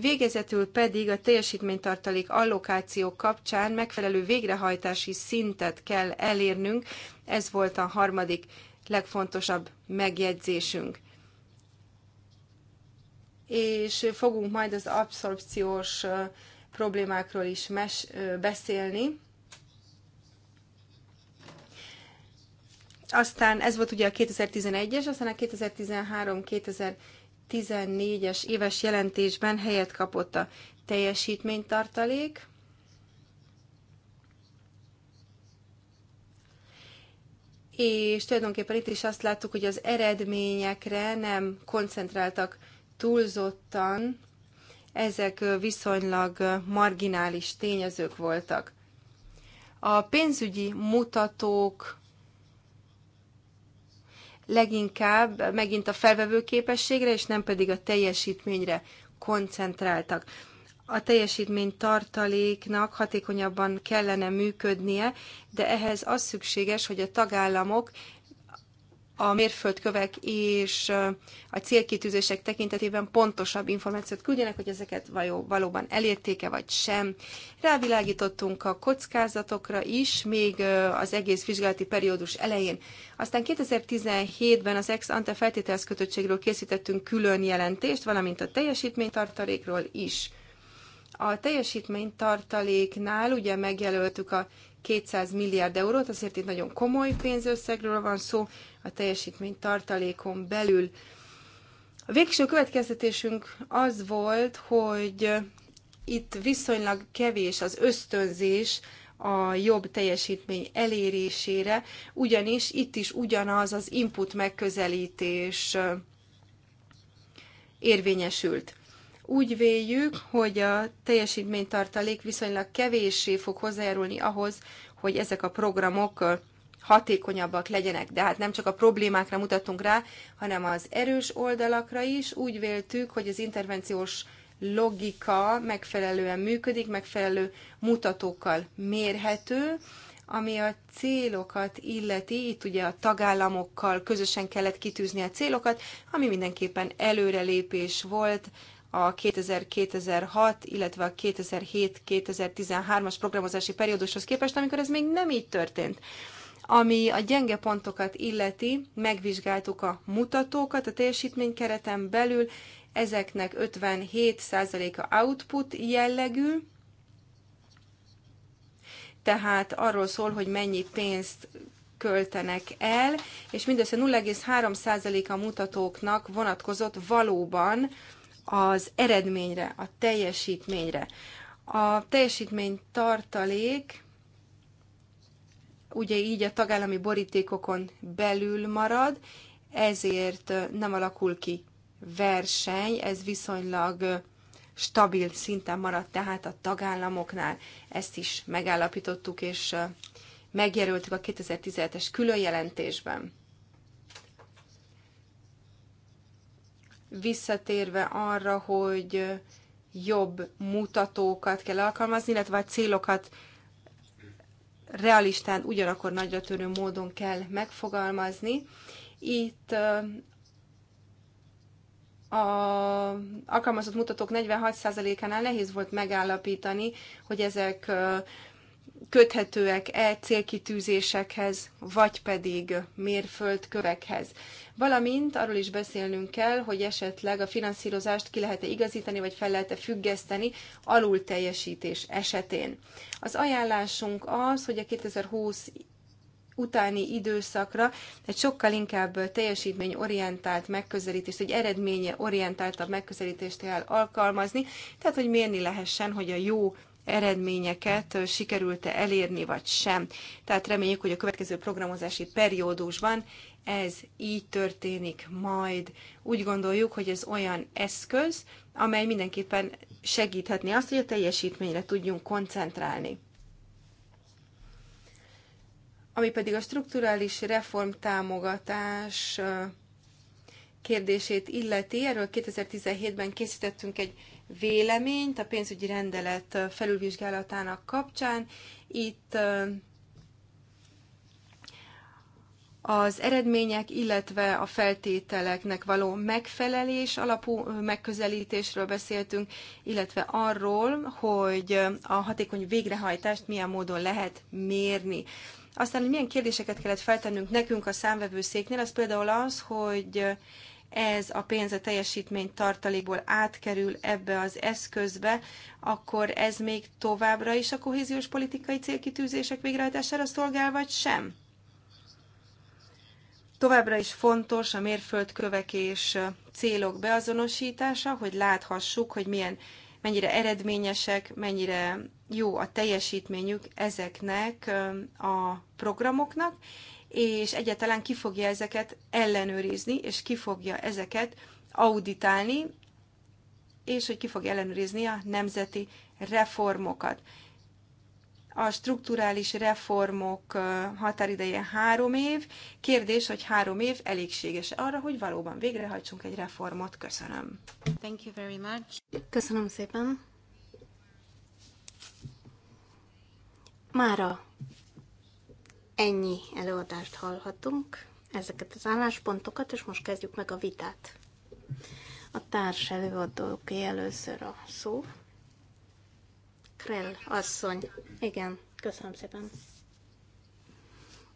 Végezetül pedig a teljesítménytartalék allokáció kapcsán megfelelő végrehajtási szintet kell elérnünk, ez volt a harmadik legfontosabb megjegyzésünk és fogunk majd az abszorpciós problémákról is mes- beszélni. Aztán ez volt ugye a 2011-es, aztán a 2013-2014-es éves jelentésben helyet kapott a teljesítménytartalék. És tulajdonképpen itt is azt láttuk, hogy az eredményekre nem koncentráltak túlzottan, ezek viszonylag marginális tényezők voltak. A pénzügyi mutatók leginkább megint a felvevő képességre, és nem pedig a teljesítményre koncentráltak. A teljesítmény tartaléknak hatékonyabban kellene működnie, de ehhez az szükséges, hogy a tagállamok a mérföldkövek és a célkitűzések tekintetében pontosabb információt küldjenek, hogy ezeket valóban elértéke vagy sem. Rávilágítottunk a kockázatokra is, még az egész vizsgálati periódus elején. Aztán 2017-ben az ex ante feltételhez kötöttségről készítettünk külön jelentést, valamint a teljesítménytartalékról is. A teljesítménytartaléknál ugye megjelöltük a 200 milliárd eurót, azért itt nagyon komoly pénzösszegről van szó a teljesítmény tartalékon belül. A végső következtetésünk az volt, hogy itt viszonylag kevés az ösztönzés a jobb teljesítmény elérésére, ugyanis itt is ugyanaz az input megközelítés érvényesült. Úgy véljük, hogy a teljesítménytartalék viszonylag kevéssé fog hozzájárulni ahhoz, hogy ezek a programok hatékonyabbak legyenek. De hát nem csak a problémákra mutatunk rá, hanem az erős oldalakra is. Úgy véltük, hogy az intervenciós logika megfelelően működik, megfelelő mutatókkal mérhető, ami a célokat illeti, itt ugye a tagállamokkal közösen kellett kitűzni a célokat, ami mindenképpen előrelépés volt, a 2000-2006, illetve a 2007-2013-as programozási periódushoz képest, amikor ez még nem így történt. Ami a gyenge pontokat illeti, megvizsgáltuk a mutatókat a teljesítmény belül, ezeknek 57%-a output jellegű, tehát arról szól, hogy mennyi pénzt költenek el, és mindössze 0,3% a mutatóknak vonatkozott valóban az eredményre, a teljesítményre. A teljesítmény tartalék ugye így a tagállami borítékokon belül marad, ezért nem alakul ki verseny, ez viszonylag stabil szinten maradt tehát a tagállamoknál. Ezt is megállapítottuk és megjelöltük a 2017-es különjelentésben. visszatérve arra, hogy jobb mutatókat kell alkalmazni, illetve a célokat realistán, ugyanakkor nagyra törő módon kell megfogalmazni. Itt a alkalmazott mutatók 46%-ánál nehéz volt megállapítani, hogy ezek köthetőek-e célkitűzésekhez, vagy pedig mérföldkövekhez. Valamint arról is beszélnünk kell, hogy esetleg a finanszírozást ki lehet-e igazítani, vagy fel lehet-e függeszteni alul teljesítés esetén. Az ajánlásunk az, hogy a 2020 utáni időszakra egy sokkal inkább teljesítményorientált megközelítést, egy eredménye orientáltabb megközelítést kell alkalmazni, tehát hogy mérni lehessen, hogy a jó eredményeket sikerült-e elérni, vagy sem. Tehát reméljük, hogy a következő programozási periódusban ez így történik majd. Úgy gondoljuk, hogy ez olyan eszköz, amely mindenképpen segíthetni azt, hogy a teljesítményre tudjunk koncentrálni. Ami pedig a strukturális reformtámogatás kérdését illeti, erről 2017-ben készítettünk egy véleményt a pénzügyi rendelet felülvizsgálatának kapcsán. Itt az eredmények, illetve a feltételeknek való megfelelés alapú megközelítésről beszéltünk, illetve arról, hogy a hatékony végrehajtást milyen módon lehet mérni. Aztán, hogy milyen kérdéseket kellett feltennünk nekünk a számvevőszéknél, az például az, hogy ez a pénz a teljesítmény tartalékból átkerül ebbe az eszközbe, akkor ez még továbbra is a kohéziós politikai célkitűzések végrehajtására szolgál, vagy sem? Továbbra is fontos a mérföldkövek és célok beazonosítása, hogy láthassuk, hogy milyen, mennyire eredményesek, mennyire jó a teljesítményük ezeknek a programoknak, és egyáltalán ki fogja ezeket ellenőrizni, és ki fogja ezeket auditálni, és hogy ki fog ellenőrizni a nemzeti reformokat. A strukturális reformok határideje három év. Kérdés, hogy három év elégséges arra, hogy valóban végrehajtsunk egy reformot. Köszönöm. Thank you very much. Köszönöm szépen. Mára Ennyi előadást hallhatunk, ezeket az álláspontokat, és most kezdjük meg a vitát. A társ előadóké először a szó. Krell asszony. Igen, köszönöm szépen.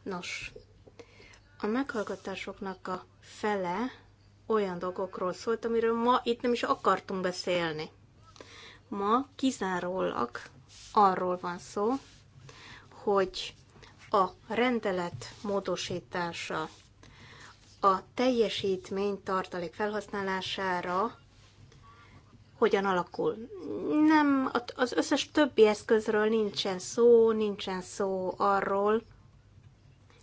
Nos, a meghallgatásoknak a fele olyan dolgokról szólt, amiről ma itt nem is akartunk beszélni. Ma kizárólag arról van szó, hogy a rendelet módosítása a teljesítmény tartalék felhasználására hogyan alakul. Nem, az összes többi eszközről nincsen szó, nincsen szó arról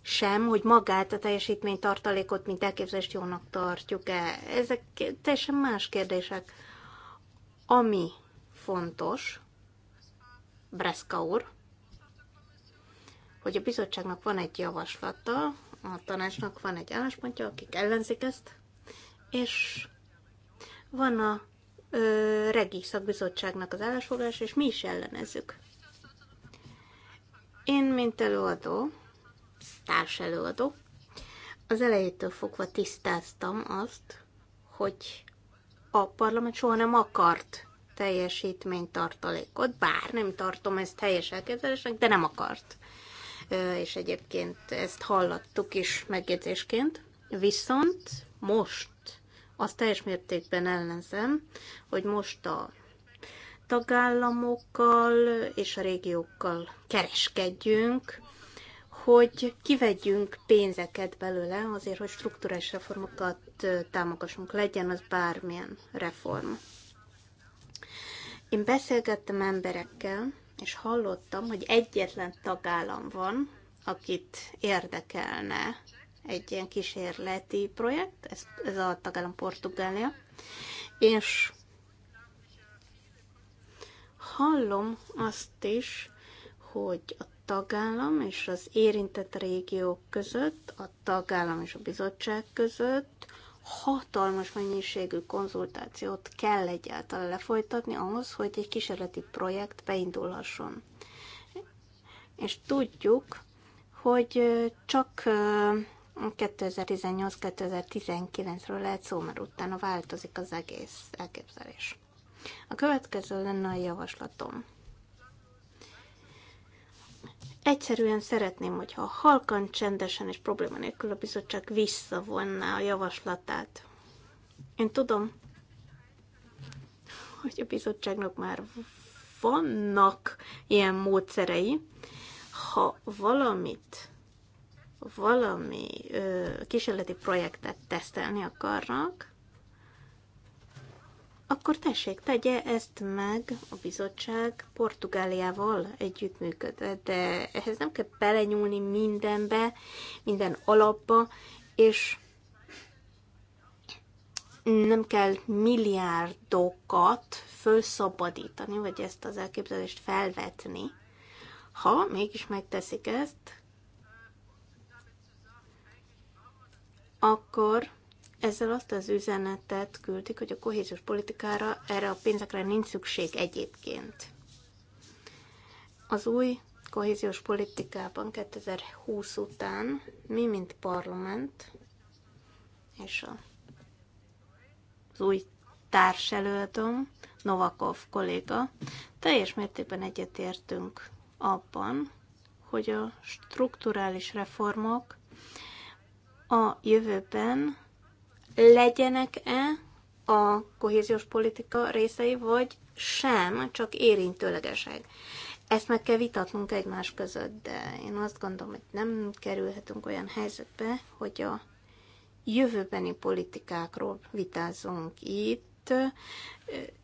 sem, hogy magát a tartalékot, mint elképzelést jónak tartjuk-e. Ezek teljesen más kérdések. Ami fontos, Breszka úr, hogy a bizottságnak van egy javaslata, a tanácsnak van egy álláspontja, akik ellenzik ezt, és van a ö, regi szakbizottságnak az állásfoglalás, és mi is ellenezzük. Én, mint előadó, társ előadó, az elejétől fogva tisztáztam azt, hogy a parlament soha nem akart teljesítménytartalékot, bár nem tartom ezt teljes elképzelésnek, de nem akart és egyébként ezt hallattuk is megjegyzésként. Viszont most azt teljes mértékben ellenzem, hogy most a tagállamokkal és a régiókkal kereskedjünk, hogy kivegyünk pénzeket belőle azért, hogy strukturális reformokat támogassunk, legyen az bármilyen reform. Én beszélgettem emberekkel, és hallottam, hogy egyetlen tagállam van, akit érdekelne egy ilyen kísérleti projekt, ez, ez a tagállam Portugália, és hallom azt is, hogy a tagállam és az érintett régiók között, a tagállam és a bizottság között hatalmas mennyiségű konzultációt kell egyáltalán lefolytatni ahhoz, hogy egy kísérleti projekt beindulhasson. És tudjuk, hogy csak 2018-2019-ről lehet szó, mert utána változik az egész elképzelés. A következő lenne a javaslatom. Egyszerűen szeretném, hogyha halkan, csendesen és probléma nélkül a bizottság visszavonná a javaslatát. Én tudom, hogy a bizottságnak már vannak ilyen módszerei, ha valamit, valami ö, kísérleti projektet tesztelni akarnak, akkor tessék, tegye ezt meg a bizottság Portugáliával együttműködve, de ehhez nem kell belenyúlni mindenbe, minden alapba, és nem kell milliárdokat fölszabadítani, vagy ezt az elképzelést felvetni. Ha mégis megteszik ezt, akkor ezzel azt az üzenetet küldik, hogy a kohéziós politikára erre a pénzekre nincs szükség egyébként. Az új kohéziós politikában 2020 után mi, mint parlament, és a, az új társelődöm, Novakov kolléga, teljes mértékben egyetértünk abban, hogy a strukturális reformok a jövőben legyenek-e a kohéziós politika részei, vagy sem, csak érintőlegesek. Ezt meg kell vitatnunk egymás között, de én azt gondolom, hogy nem kerülhetünk olyan helyzetbe, hogy a jövőbeni politikákról vitázunk itt.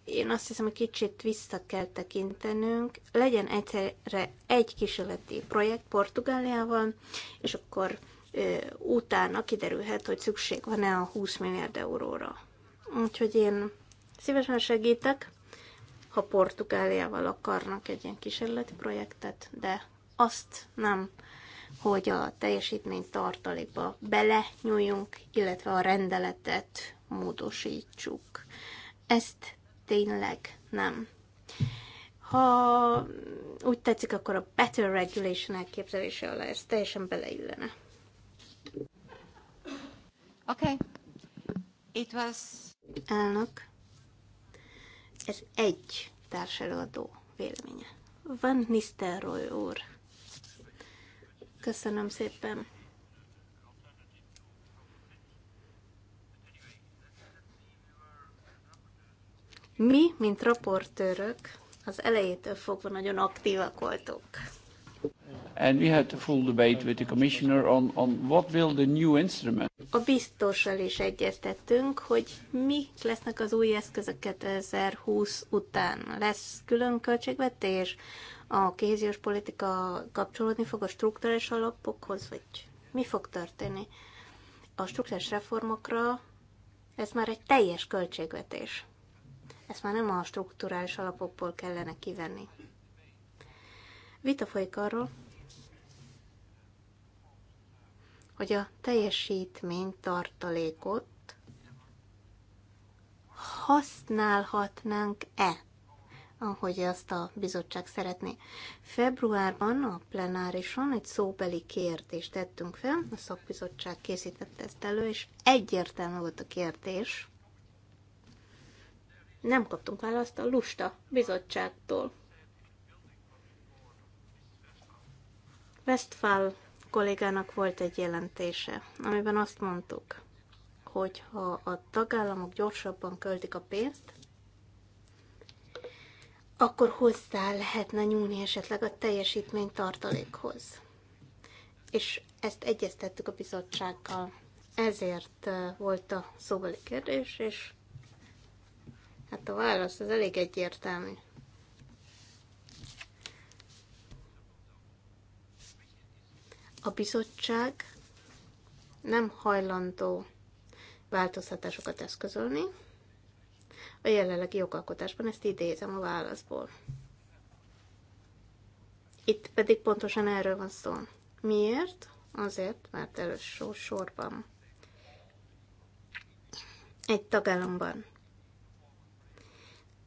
Én azt hiszem, hogy kicsit vissza kell tekintenünk. Legyen egyszerre egy kísérleti projekt Portugáliával, és akkor utána kiderülhet, hogy szükség van-e a 20 milliárd euróra. Úgyhogy én szívesen segítek, ha Portugáliával akarnak egy ilyen kísérleti projektet, de azt nem, hogy a teljesítmény tartalékba bele nyúljunk, illetve a rendeletet módosítsuk. Ezt tényleg nem. Ha úgy tetszik, akkor a better regulation elképzelése alá ez teljesen beleillene. Okay. It was... Elnök. Ez egy társelőadó véleménye. Van Nisztelrooy úr. Köszönöm szépen. Mi, mint raportőrök, az elejétől fogva nagyon aktívak voltunk. And we had a full debate with the commissioner on, on what will the new instrument. A biztossal is egyeztettünk, hogy mi lesznek az új eszközök 2020 után. Lesz külön költségvetés, a kéziós politika kapcsolódni fog a struktúrás alapokhoz, vagy mi fog történni? A struktúrás reformokra ez már egy teljes költségvetés. Ezt már nem a struktúrális alapokból kellene kivenni. Vita folyik arról, hogy a teljesítmény tartalékot használhatnánk-e, ahogy azt a bizottság szeretné. Februárban a plenárison egy szóbeli kérdést tettünk fel, a szakbizottság készítette ezt elő, és egyértelmű volt a kérdés. Nem kaptunk választ a lusta bizottságtól. Westphal kollégának volt egy jelentése, amiben azt mondtuk, hogy ha a tagállamok gyorsabban költik a pénzt, akkor hozzá lehetne nyúlni esetleg a teljesítmény tartalékhoz. És ezt egyeztettük a bizottsággal. Ezért volt a szóbeli kérdés, és hát a válasz az elég egyértelmű. A bizottság nem hajlandó változtatásokat eszközölni. A jelenlegi jogalkotásban ezt idézem a válaszból. Itt pedig pontosan erről van szó. Miért? Azért, mert előső sorban egy tagállamban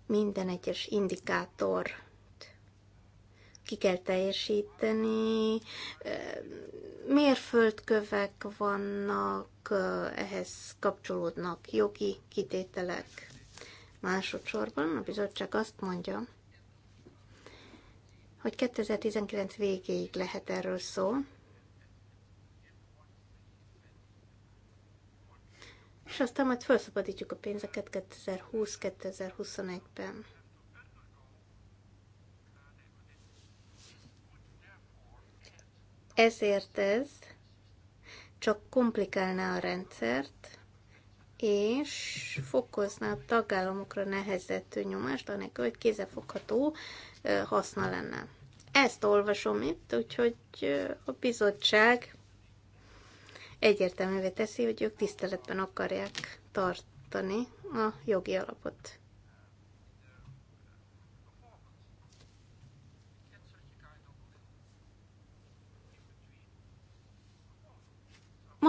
minden egyes indikátor ki kell teljesíteni, mérföldkövek vannak, ehhez kapcsolódnak jogi kitételek. Másodszorban a bizottság azt mondja, hogy 2019 végéig lehet erről szó. És aztán majd felszabadítjuk a pénzeket 2020-2021-ben. Ezért ez csak komplikálná a rendszert, és fokozná a tagállamokra nehezető nyomást, anélkül, hogy kézefogható haszna lenne. Ezt olvasom itt, úgyhogy a bizottság egyértelművé teszi, hogy ők tiszteletben akarják tartani a jogi alapot.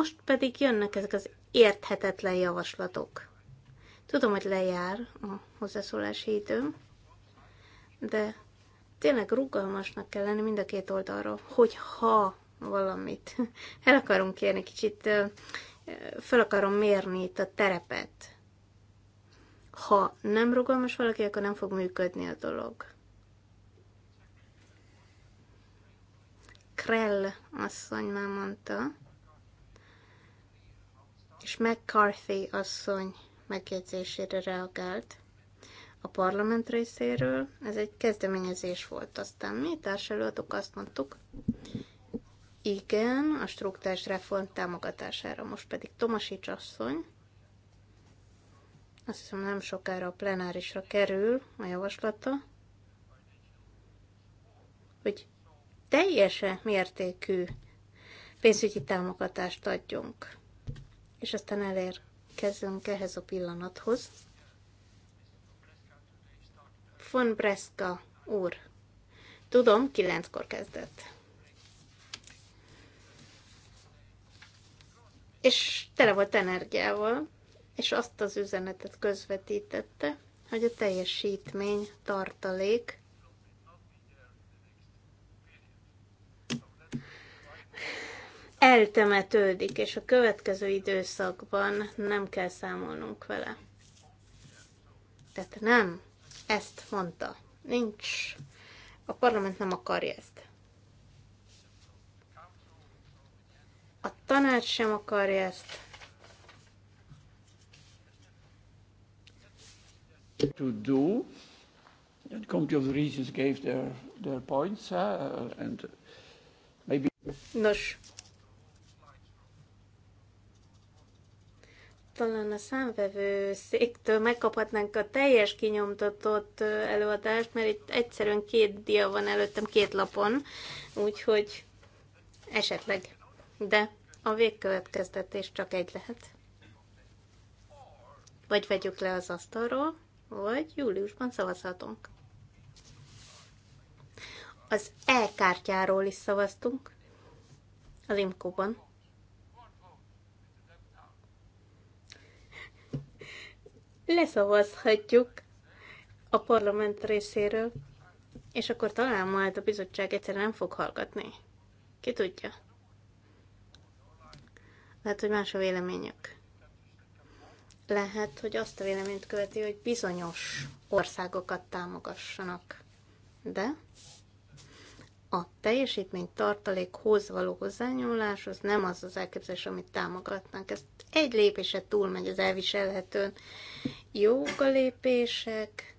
Most pedig jönnek ezek az érthetetlen javaslatok. Tudom, hogy lejár a hozzászólási időm, de tényleg rugalmasnak kell lenni mind a két oldalról, hogy ha valamit el akarunk kérni, kicsit fel akarom mérni itt a terepet. Ha nem rugalmas valaki, akkor nem fog működni a dolog. Krell asszony már mondta, és McCarthy asszony megjegyzésére reagált a parlament részéről. Ez egy kezdeményezés volt. Aztán mi társelőadók azt mondtuk, igen, a struktúrás reform támogatására. Most pedig Tomasics asszony, azt hiszem nem sokára a plenárisra kerül a javaslata, hogy teljesen mértékű pénzügyi támogatást adjunk és aztán elérkezünk ehhez a pillanathoz. Von Breska úr. Tudom, kilenckor kezdett. És tele volt energiával, és azt az üzenetet közvetítette, hogy a teljesítmény tartalék eltemetődik, és a következő időszakban nem kell számolnunk vele. Tehát nem, ezt mondta. Nincs. A parlament nem akarja ezt. A tanács sem akarja ezt. To do, and Committee of the Regions gave their, their points, uh, and maybe... Nos, talán a széktől megkaphatnánk a teljes kinyomtatott előadást, mert itt egyszerűen két dia van előttem, két lapon, úgyhogy esetleg. De a végkövetkeztetés csak egy lehet. Vagy vegyük le az asztalról, vagy júliusban szavazhatunk. Az e-kártyáról is szavaztunk, az imkóban. leszavazhatjuk a parlament részéről, és akkor talán majd a bizottság egyszer nem fog hallgatni. Ki tudja? Lehet, hogy más a véleményük. Lehet, hogy azt a véleményt követi, hogy bizonyos országokat támogassanak. De a teljesítmény tartalékhoz való hozzányúlás az nem az az elképzelés, amit támogatnak. Ez egy lépése túlmegy az elviselhetőn, jogalépések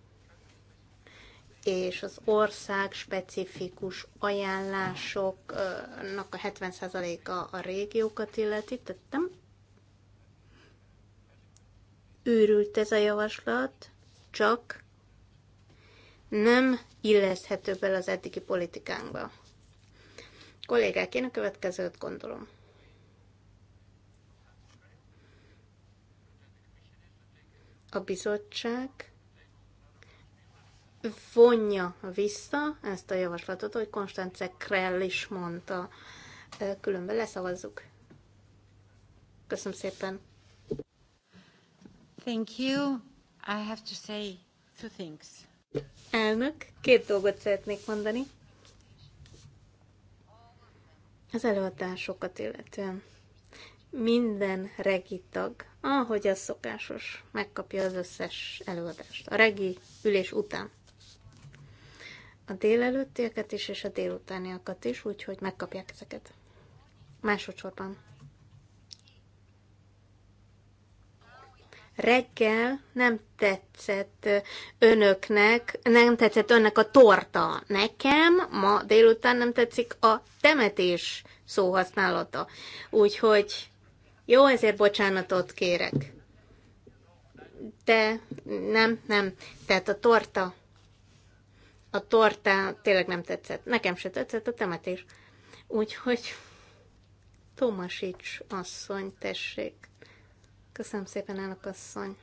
és az ország specifikus ajánlásoknak a 70%-a a régiókat illeti, Tettem. őrült ez a javaslat, csak nem illeszthető bele az eddigi politikánkba. Kollégák, én a következőt gondolom. a bizottság vonja vissza ezt a javaslatot, hogy Konstance Krell is mondta. Különben leszavazzuk. Köszönöm szépen. Thank you. I have to say two things. Elnök, két dolgot szeretnék mondani. Az előadásokat illetően minden regi tag, ahogy az szokásos, megkapja az összes előadást. A regi ülés után. A délelőttieket is, és a délutániakat is, úgyhogy megkapják ezeket. Másodszorban. Reggel nem tetszett önöknek, nem tetszett önnek a torta. Nekem ma délután nem tetszik a temetés szóhasználata. Úgyhogy jó, ezért bocsánatot kérek. De nem, nem. Tehát a torta, a torta tényleg nem tetszett. Nekem se tetszett a temetés. Úgyhogy Tomasics asszony, tessék. Köszönöm szépen, elnök asszony.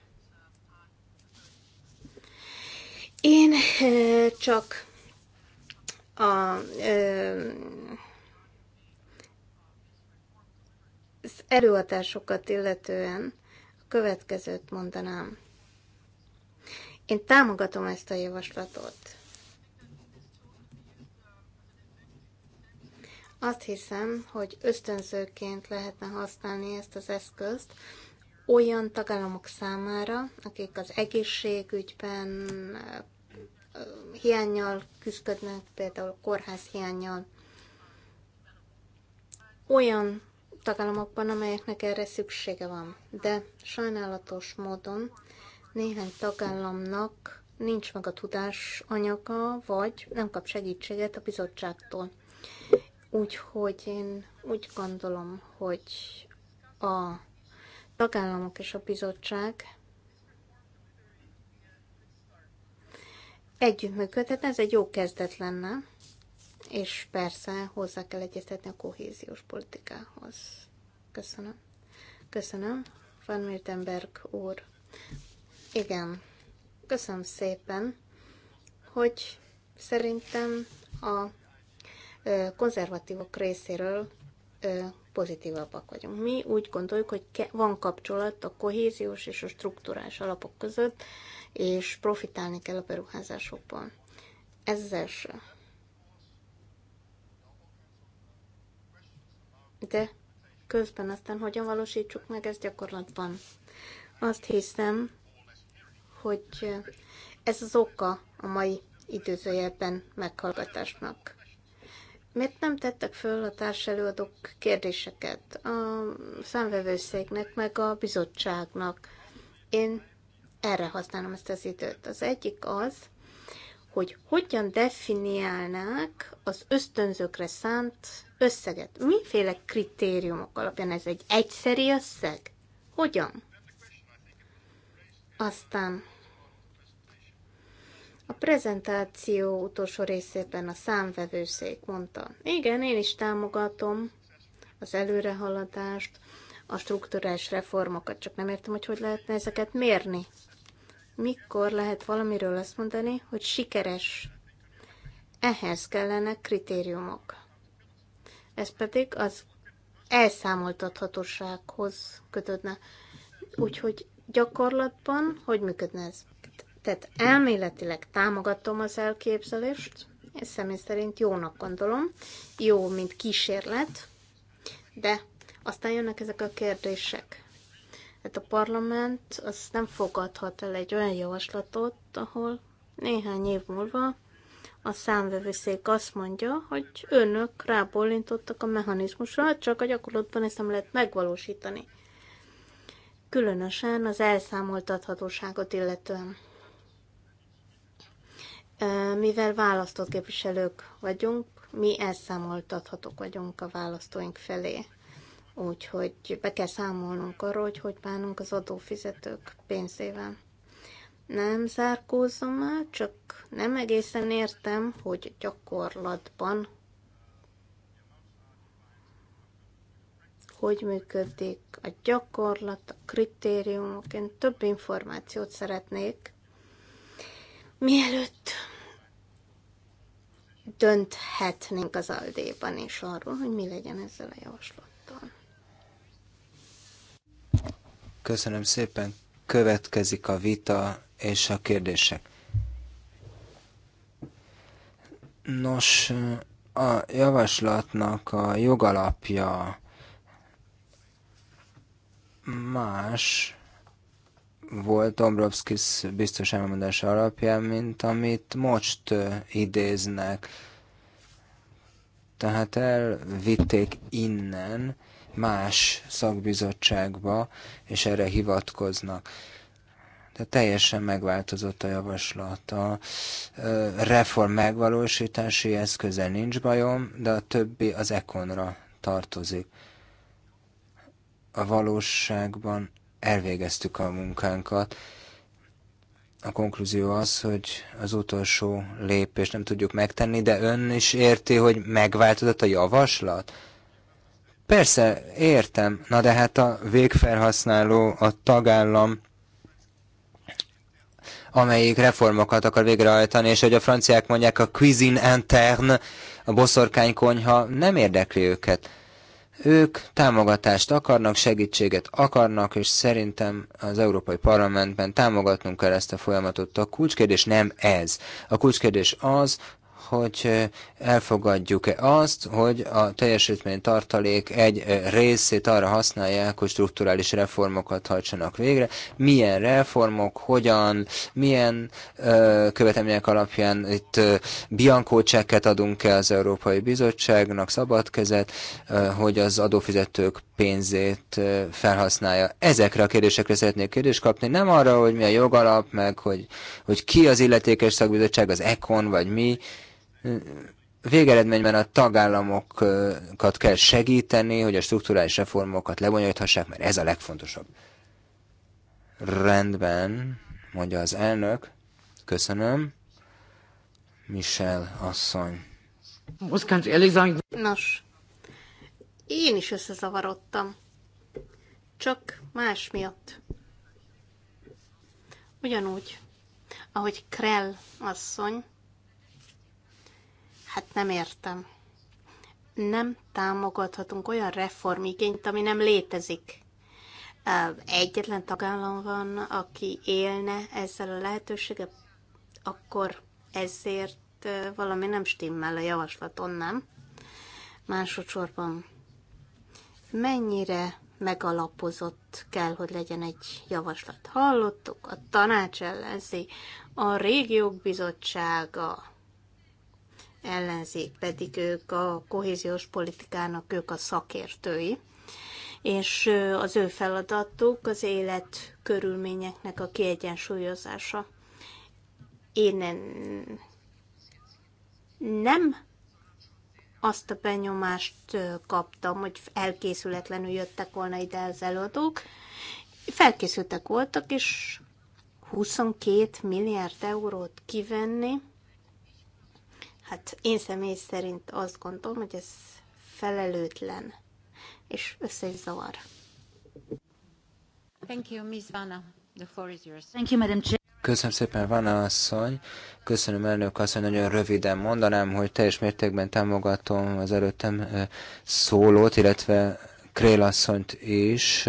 Én csak a ö, előadásokat illetően a következőt mondanám. Én támogatom ezt a javaslatot. Azt hiszem, hogy ösztönzőként lehetne használni ezt az eszközt olyan tagállamok számára, akik az egészségügyben hiányjal küzdködnek, például kórház hiányjal, olyan tagállamokban, amelyeknek erre szüksége van. De sajnálatos módon néhány tagállamnak nincs meg a tudás anyaga, vagy nem kap segítséget a bizottságtól. Úgyhogy én úgy gondolom, hogy a tagállamok és a bizottság együttműködhetne, ez egy jó kezdet lenne és persze hozzá kell egyeztetni a kohéziós politikához. Köszönöm. Köszönöm, Van Mirtenberg úr. Igen, köszönöm szépen, hogy szerintem a konzervatívok részéről pozitívabbak vagyunk. Mi úgy gondoljuk, hogy van kapcsolat a kohéziós és a struktúrás alapok között, és profitálni kell a beruházásokból. Ez az első. de közben aztán hogyan valósítsuk meg ezt gyakorlatban. Azt hiszem, hogy ez az oka a mai időzőjelben meghallgatásnak. Miért nem tettek föl a társelőadók kérdéseket a számvevőszéknek, meg a bizottságnak? Én erre használom ezt az időt. Az egyik az, hogy hogyan definiálnák az ösztönzőkre szánt összeget. Miféle kritériumok alapján ez egy egyszeri összeg? Hogyan? Aztán a prezentáció utolsó részében a számvevőszék mondta, igen, én is támogatom az előrehaladást, a strukturális reformokat, csak nem értem, hogy hogy lehetne ezeket mérni mikor lehet valamiről azt mondani, hogy sikeres. Ehhez kellene kritériumok. Ez pedig az elszámoltathatósághoz kötődne. Úgyhogy gyakorlatban hogy működne ez? Tehát elméletileg támogatom az elképzelést, ezt személy szerint jónak gondolom, jó, mint kísérlet, de aztán jönnek ezek a kérdések. Hát a parlament az nem fogadhat el egy olyan javaslatot, ahol néhány év múlva a számvevőszék azt mondja, hogy önök rábólintottak a mechanizmusra, csak a gyakorlatban ezt nem lehet megvalósítani. Különösen az elszámoltathatóságot illetően. Mivel választott képviselők vagyunk, mi elszámoltathatók vagyunk a választóink felé. Úgyhogy be kell számolnunk arról, hogy hogy bánunk az adófizetők pénzével. Nem zárkózom el, csak nem egészen értem, hogy gyakorlatban hogy működik a gyakorlat, a kritériumok. Én több információt szeretnék, mielőtt dönthetnénk az aldéban is arról, hogy mi legyen ezzel a javaslattal. Köszönöm szépen. Következik a vita és a kérdések. Nos, a javaslatnak a jogalapja más volt Dombrovskis biztos elmondása alapján, mint amit most idéznek. Tehát elvitték innen más szakbizottságba, és erre hivatkoznak. de teljesen megváltozott a javaslat. A reform megvalósítási eszköze nincs bajom, de a többi az ekonra tartozik. A valóságban elvégeztük a munkánkat. A konklúzió az, hogy az utolsó lépést nem tudjuk megtenni, de ön is érti, hogy megváltozott a javaslat? Persze, értem. Na de hát a végfelhasználó, a tagállam, amelyik reformokat akar végrehajtani, és hogy a franciák mondják, a cuisine interne, a boszorkánykonyha nem érdekli őket. Ők támogatást akarnak, segítséget akarnak, és szerintem az Európai Parlamentben támogatnunk kell ezt a folyamatot. A kulcskérdés nem ez. A kulcskérdés az, hogy elfogadjuk-e azt, hogy a teljesítmény tartalék egy részét arra használják, hogy strukturális reformokat hajtsanak végre. Milyen reformok, hogyan, milyen ö, követelmények alapján itt ö, csekket adunk-e az Európai Bizottságnak, szabad kezet, ö, hogy az adófizetők pénzét ö, felhasználja. Ezekre a kérdésekre szeretnék kérdést kapni, nem arra, hogy mi a jogalap, meg hogy, hogy ki az illetékes szakbizottság, az ECON vagy mi, végeredményben a tagállamokat kell segíteni, hogy a struktúrális reformokat lebonyolíthassák, mert ez a legfontosabb. Rendben, mondja az elnök. Köszönöm. Michel asszony. Nos, én is összezavarodtam. Csak más miatt. Ugyanúgy, ahogy Krell asszony, Hát nem értem. Nem támogathatunk olyan reformigényt, ami nem létezik. Egyetlen tagállam van, aki élne ezzel a lehetőséggel, akkor ezért valami nem stimmel a javaslaton, nem? Másodszorban mennyire megalapozott kell, hogy legyen egy javaslat. Hallottuk, a tanács ellenzi, a régiók bizottsága ellenzék, pedig ők a kohéziós politikának, ők a szakértői, és az ő feladatuk az élet körülményeknek a kiegyensúlyozása. Én nem azt a benyomást kaptam, hogy elkészületlenül jöttek volna ide az előadók. Felkészültek voltak, és 22 milliárd eurót kivenni, Hát én személy szerint azt gondolom, hogy ez felelőtlen, és össze is zavar. Thank you, Ms. Vanna. The floor is yours. Thank you, Madam Chair. Köszönöm szépen, Vanna asszony. Köszönöm, elnök asszony. Nagyon röviden mondanám, hogy teljes mértékben támogatom az előttem szólót, illetve Krél asszonyt is.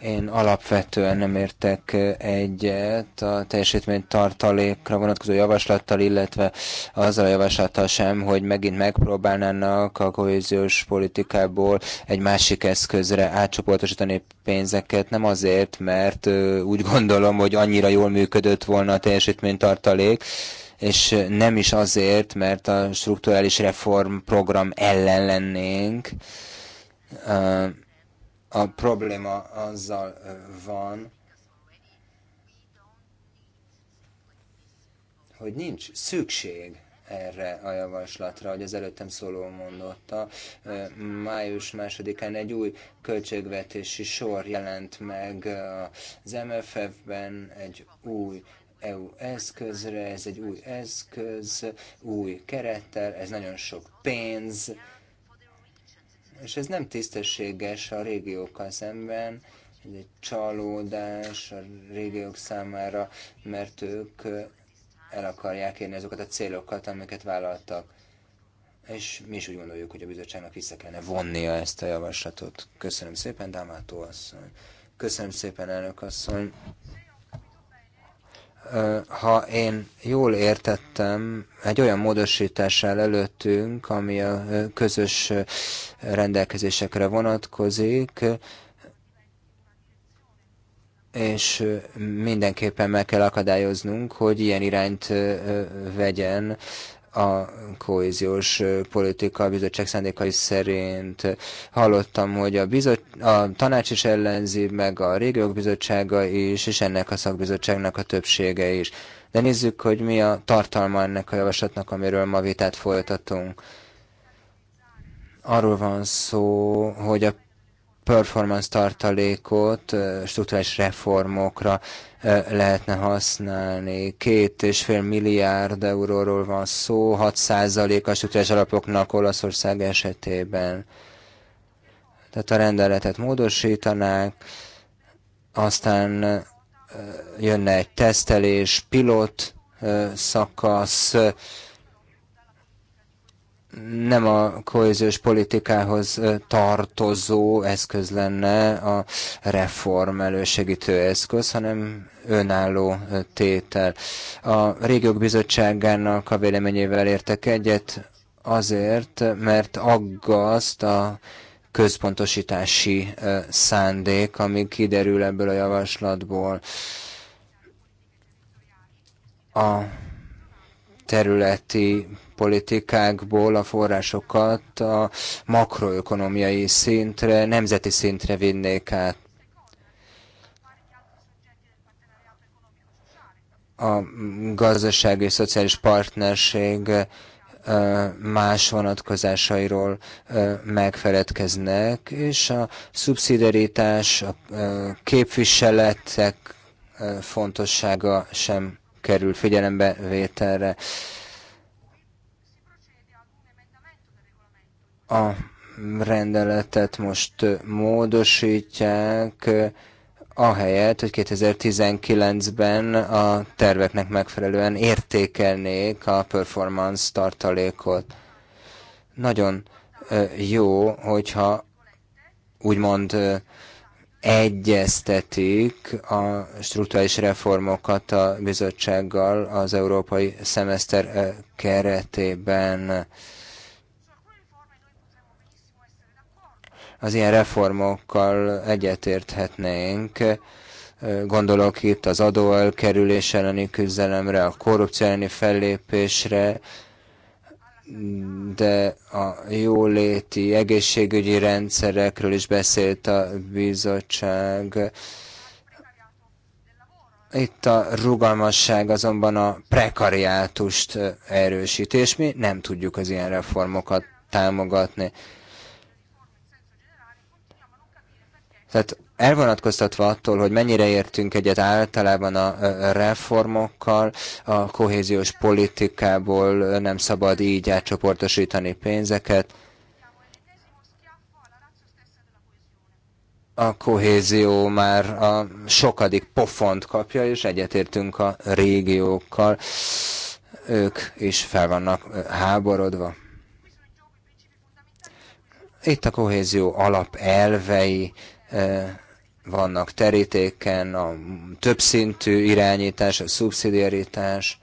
Én alapvetően nem értek egyet a teljesítmény tartalékra vonatkozó javaslattal, illetve azzal a javaslattal sem, hogy megint megpróbálnának a kohéziós politikából egy másik eszközre átcsoportosítani pénzeket, nem azért, mert úgy gondolom, hogy annyira jól működött volna a teljesítmény tartalék, és nem is azért, mert a strukturális reformprogram ellen lennénk, a probléma azzal van, hogy nincs szükség erre a javaslatra, hogy az előttem szóló mondotta. Május másodikán egy új költségvetési sor jelent meg az MFF-ben, egy új EU eszközre, ez egy új eszköz, új kerettel, ez nagyon sok pénz, és ez nem tisztességes a régiókkal szemben, ez egy csalódás a régiók számára, mert ők el akarják érni azokat a célokat, amiket vállaltak. És mi is úgy gondoljuk, hogy a bizottságnak vissza kellene vonnia ezt a javaslatot. Köszönöm szépen, Dámátó asszony. Köszönöm szépen, elnök asszony ha én jól értettem, egy olyan módosítás áll előttünk, ami a közös rendelkezésekre vonatkozik, és mindenképpen meg kell akadályoznunk, hogy ilyen irányt vegyen a kohéziós politika bizottság szándékai szerint. Hallottam, hogy a, bizot, a tanács is ellenzi, meg a régiók bizottsága is, és ennek a szakbizottságnak a többsége is. De nézzük, hogy mi a tartalma ennek a javaslatnak, amiről ma vitát folytatunk. Arról van szó, hogy a performance tartalékot struktúrális reformokra lehetne használni. Két és fél milliárd euróról van szó, 6 százalék a struktúrális alapoknak Olaszország esetében. Tehát a rendeletet módosítanák, aztán jönne egy tesztelés, pilot szakasz, nem a kohéziós politikához tartozó eszköz lenne a reform elősegítő eszköz, hanem önálló tétel. A régiók bizottságának a véleményével értek egyet azért, mert aggaszt a központosítási szándék, ami kiderül ebből a javaslatból. A területi politikákból a forrásokat a makroökonomiai szintre, nemzeti szintre vinnék át. A gazdasági és szociális partnerség más vonatkozásairól megfeledkeznek, és a szubszidaritás, a képviseletek fontossága sem kerül figyelembe vételre. A rendeletet most módosítják, ahelyett, hogy 2019-ben a terveknek megfelelően értékelnék a performance tartalékot. Nagyon jó, hogyha úgymond egyeztetik a struktúrális reformokat a bizottsággal az európai szemeszter keretében. az ilyen reformokkal egyetérthetnénk. Gondolok itt az adóelkerülés elleni küzdelemre, a korrupció elleni fellépésre, de a jóléti egészségügyi rendszerekről is beszélt a bizottság. Itt a rugalmasság azonban a prekariátust erősítés és mi nem tudjuk az ilyen reformokat támogatni. Tehát elvonatkoztatva attól, hogy mennyire értünk egyet általában a reformokkal, a kohéziós politikából nem szabad így átcsoportosítani pénzeket. A kohézió már a sokadik pofont kapja, és egyetértünk a régiókkal. Ők is fel vannak háborodva itt a kohézió alapelvei Eh, vannak terítéken, a többszintű irányítás, a szubszidiaritás,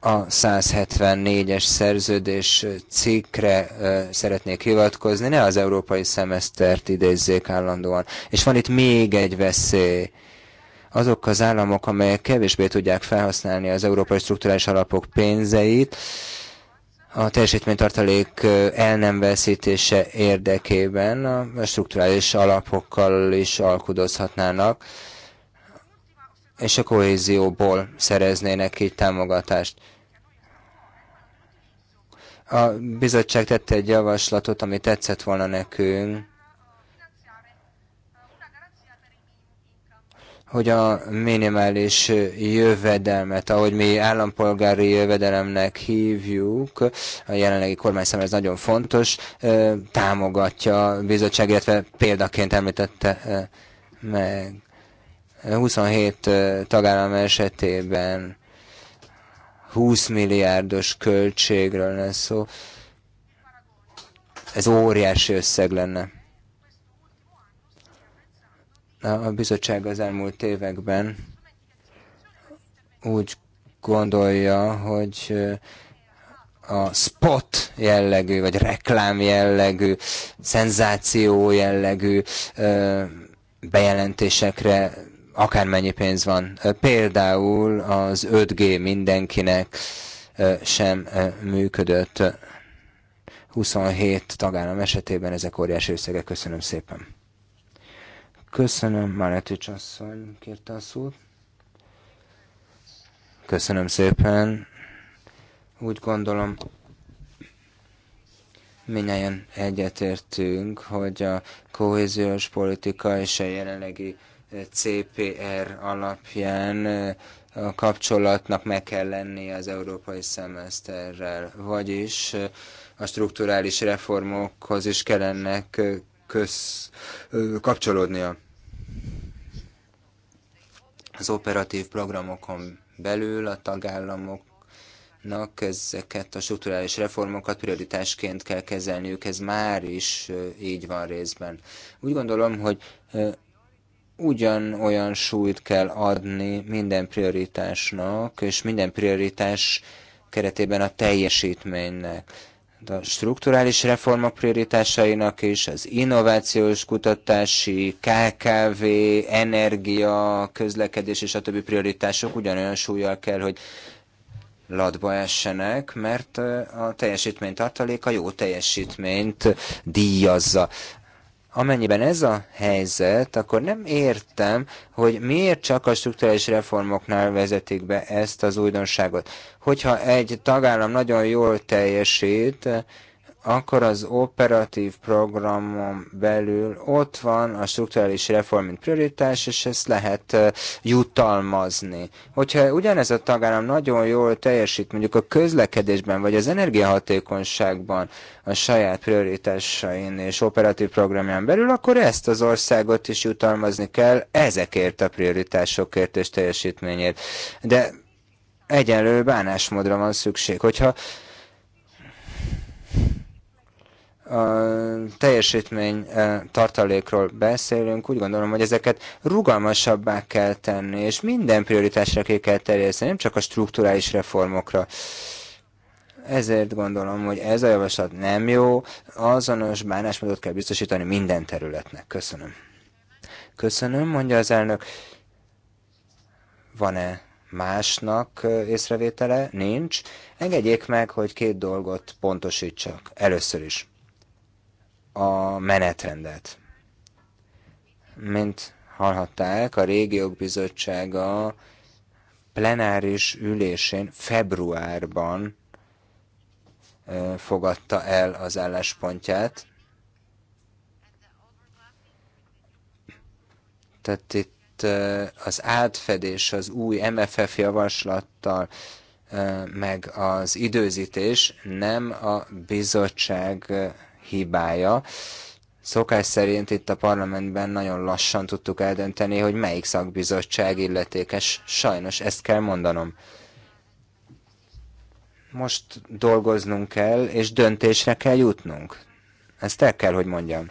a 174-es szerződés cikkre eh, szeretnék hivatkozni, ne az európai szemesztert idézzék állandóan. És van itt még egy veszély. Azok az államok, amelyek kevésbé tudják felhasználni az európai strukturális alapok pénzeit, a teljesítménytartalék el nem veszítése érdekében a strukturális alapokkal is alkudozhatnának, és a kohézióból szereznének így támogatást. A bizottság tette egy javaslatot, ami tetszett volna nekünk, hogy a minimális jövedelmet, ahogy mi állampolgári jövedelemnek hívjuk, a jelenlegi kormány számára ez nagyon fontos, támogatja a bizottság, illetve példaként említette meg 27 tagállam esetében 20 milliárdos költségről lesz szó. Ez óriási összeg lenne. A bizottság az elmúlt években úgy gondolja, hogy a spot jellegű, vagy reklám jellegű, szenzáció jellegű bejelentésekre akármennyi pénz van. Például az 5G mindenkinek sem működött. 27 tagállam esetében ezek óriási összegek. Köszönöm szépen. Köszönöm, Maletics asszony kérte a szót. Köszönöm szépen. Úgy gondolom, minnyáján egyetértünk, hogy a kohéziós politika és a jelenlegi eh, CPR alapján eh, a kapcsolatnak meg kell lennie az európai szemeszterrel, vagyis eh, a strukturális reformokhoz is kellennek köz, kapcsolódnia az operatív programokon belül a tagállamoknak ezeket a strukturális reformokat prioritásként kell kezelniük, ez már is így van részben. Úgy gondolom, hogy ugyanolyan súlyt kell adni minden prioritásnak, és minden prioritás keretében a teljesítménynek a strukturális reformok prioritásainak is, az innovációs kutatási, KKV, energia, közlekedés és a többi prioritások ugyanolyan súlyjal kell, hogy latba essenek, mert a teljesítmény tartaléka jó teljesítményt díjazza. Amennyiben ez a helyzet, akkor nem értem, hogy miért csak a struktúrális reformoknál vezetik be ezt az újdonságot. Hogyha egy tagállam nagyon jól teljesít, akkor az operatív programon belül ott van a strukturális reform, mint prioritás, és ezt lehet jutalmazni. Hogyha ugyanez a tagállam nagyon jól teljesít mondjuk a közlekedésben, vagy az energiahatékonyságban a saját prioritásain és operatív programján belül, akkor ezt az országot is jutalmazni kell ezekért a prioritásokért és teljesítményért. De egyenlő bánásmódra van szükség. Hogyha a teljesítmény e, tartalékról beszélünk, úgy gondolom, hogy ezeket rugalmasabbá kell tenni, és minden prioritásra ki kell terjeszteni, nem csak a strukturális reformokra. Ezért gondolom, hogy ez a javaslat nem jó, azonos bánásmódot kell biztosítani minden területnek. Köszönöm. Köszönöm, mondja az elnök. Van-e másnak e, észrevétele? Nincs. Engedjék meg, hogy két dolgot pontosítsak. Először is a menetrendet. Mint hallhatták, a régiók bizottsága plenáris ülésén februárban fogadta el az álláspontját. Tehát itt az átfedés az új MFF javaslattal, meg az időzítés nem a bizottság hibája. Szokás szerint itt a parlamentben nagyon lassan tudtuk eldönteni, hogy melyik szakbizottság illetékes. Sajnos ezt kell mondanom. Most dolgoznunk kell, és döntésre kell jutnunk. Ezt el kell, hogy mondjam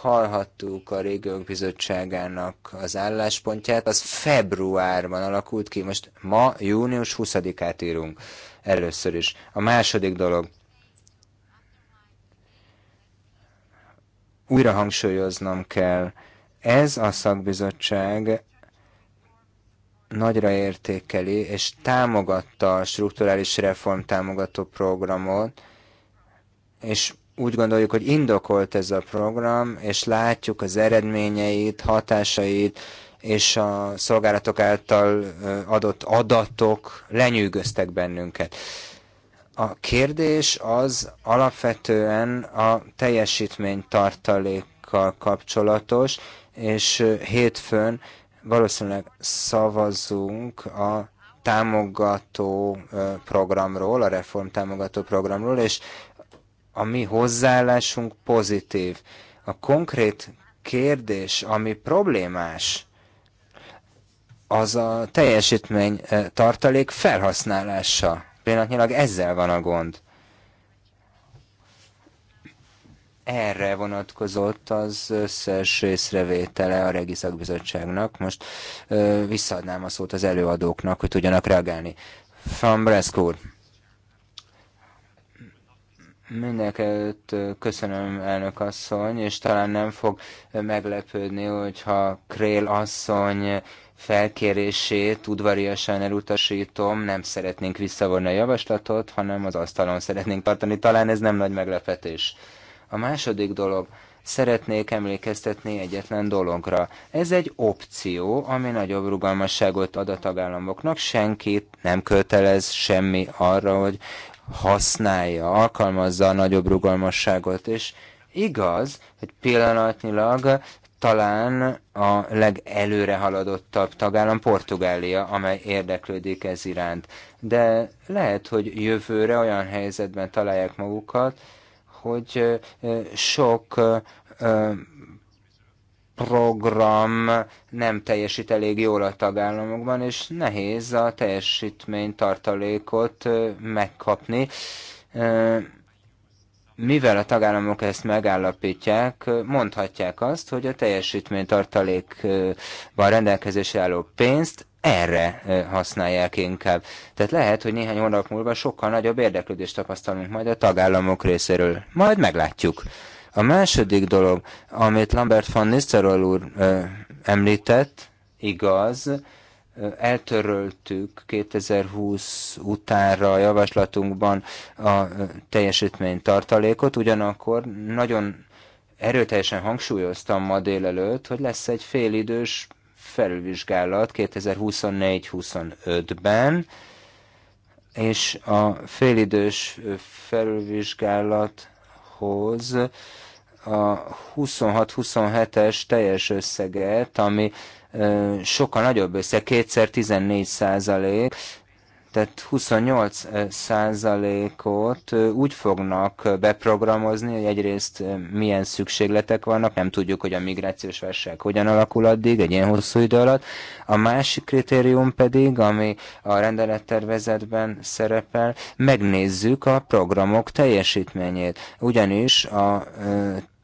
hallhattuk a Régiók Bizottságának az álláspontját, az februárban alakult ki, most ma június 20-át írunk először is. A második dolog, újra hangsúlyoznom kell, ez a szakbizottság nagyra értékeli és támogatta a strukturális reform támogató programot, és úgy gondoljuk, hogy indokolt ez a program, és látjuk az eredményeit, hatásait, és a szolgálatok által adott adatok lenyűgöztek bennünket. A kérdés az alapvetően a teljesítmény tartalékkal kapcsolatos, és hétfőn valószínűleg szavazunk a támogató programról, a reform támogató programról, és a mi hozzáállásunk pozitív. A konkrét kérdés, ami problémás, az a teljesítmény tartalék felhasználása. Pillanatnyilag ezzel van a gond. Erre vonatkozott az összes észrevétele a Regi Szakbizottságnak. Most ö, visszaadnám a szót az előadóknak, hogy tudjanak reagálni. Van Breszkúr. Mindenkelőtt köszönöm, elnök asszony, és talán nem fog meglepődni, hogyha Krél asszony felkérését udvariasan elutasítom, nem szeretnénk visszavonni a javaslatot, hanem az asztalon szeretnénk tartani. Talán ez nem nagy meglepetés. A második dolog, szeretnék emlékeztetni egyetlen dologra. Ez egy opció, ami nagyobb rugalmasságot ad a tagállamoknak, senkit nem kötelez semmi arra, hogy használja, alkalmazza a nagyobb rugalmasságot, és igaz, hogy pillanatnyilag talán a legelőre haladottabb tagállam Portugália, amely érdeklődik ez iránt. De lehet, hogy jövőre olyan helyzetben találják magukat, hogy sok program nem teljesít elég jól a tagállamokban, és nehéz a teljesítmény tartalékot megkapni mivel a tagállamok ezt megállapítják, mondhatják azt, hogy a teljesítménytartalékban rendelkezésre álló pénzt erre eh, használják inkább. Tehát lehet, hogy néhány hónap múlva sokkal nagyobb érdeklődést tapasztalunk majd a tagállamok részéről. Majd meglátjuk. A második dolog, amit Lambert van Nistelrooy úr ö, eh, említett, igaz, eltöröltük 2020 utánra a javaslatunkban a teljesítmény tartalékot, ugyanakkor nagyon erőteljesen hangsúlyoztam ma délelőtt, hogy lesz egy félidős felvizsgálat 2024-25-ben, és a félidős felvizsgálathoz a 26-27-es teljes összeget, ami sokkal nagyobb össze, kétszer 14 százalék, tehát 28 százalékot úgy fognak beprogramozni, hogy egyrészt milyen szükségletek vannak, nem tudjuk, hogy a migrációs válság hogyan alakul addig, egy ilyen hosszú idő alatt. A másik kritérium pedig, ami a rendelettervezetben szerepel, megnézzük a programok teljesítményét. Ugyanis a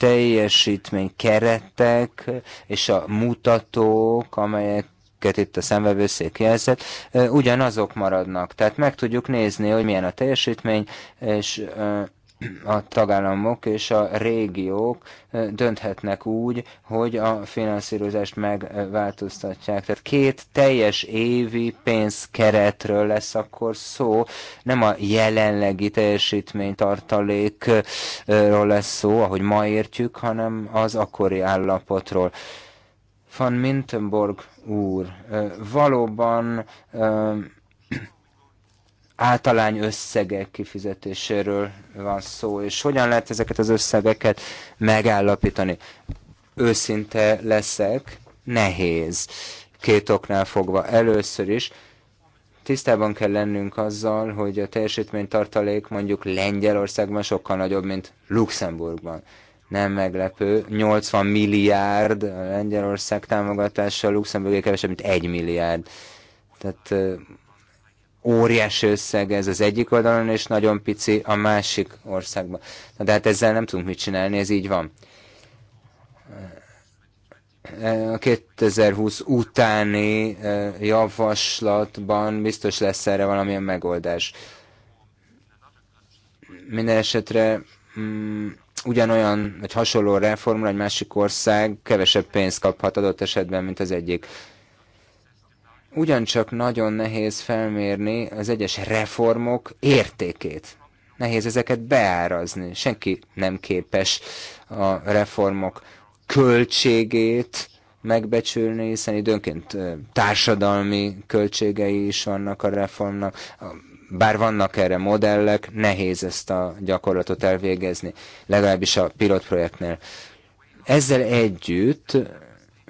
teljesítmény keretek és a mutatók, amelyek itt a szemvevőszék jelzett, ugyanazok maradnak. Tehát meg tudjuk nézni, hogy milyen a teljesítmény, és a tagállamok és a régiók dönthetnek úgy, hogy a finanszírozást megváltoztatják. Tehát két teljes évi pénzkeretről lesz akkor szó, nem a jelenlegi teljesítménytartalékról lesz szó, ahogy ma értjük, hanem az akkori állapotról. Van Mintenborg úr, valóban általány összegek kifizetéséről van szó, és hogyan lehet ezeket az összegeket megállapítani. Őszinte leszek, nehéz. Két oknál fogva. Először is tisztában kell lennünk azzal, hogy a teljesítménytartalék mondjuk Lengyelországban sokkal nagyobb, mint Luxemburgban. Nem meglepő, 80 milliárd Lengyelország támogatása, Luxemburgé kevesebb, mint 1 milliárd. Tehát óriási összeg ez az egyik oldalon, és nagyon pici a másik országban. Na, de hát ezzel nem tudunk mit csinálni, ez így van. A 2020 utáni javaslatban biztos lesz erre valamilyen megoldás. Minden esetre mm, ugyanolyan, vagy hasonló reformra egy másik ország kevesebb pénzt kaphat adott esetben, mint az egyik ugyancsak nagyon nehéz felmérni az egyes reformok értékét. Nehéz ezeket beárazni. Senki nem képes a reformok költségét megbecsülni, hiszen időnként társadalmi költségei is vannak a reformnak. Bár vannak erre modellek, nehéz ezt a gyakorlatot elvégezni, legalábbis a pilotprojektnél. Ezzel együtt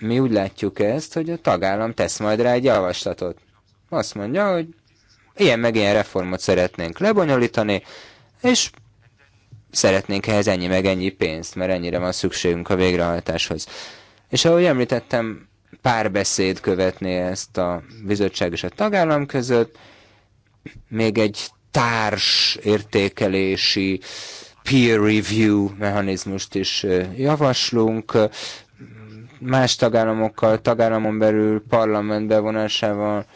mi úgy látjuk ezt, hogy a tagállam tesz majd rá egy javaslatot. Azt mondja, hogy ilyen meg ilyen reformot szeretnénk lebonyolítani, és szeretnénk ehhez ennyi meg ennyi pénzt, mert ennyire van szükségünk a végrehajtáshoz. És ahogy említettem, párbeszéd követné ezt a bizottság és a tagállam között, még egy társ értékelési peer review mechanizmust is javaslunk, más tagállamokkal, tagállamon belül parlament bevonásával.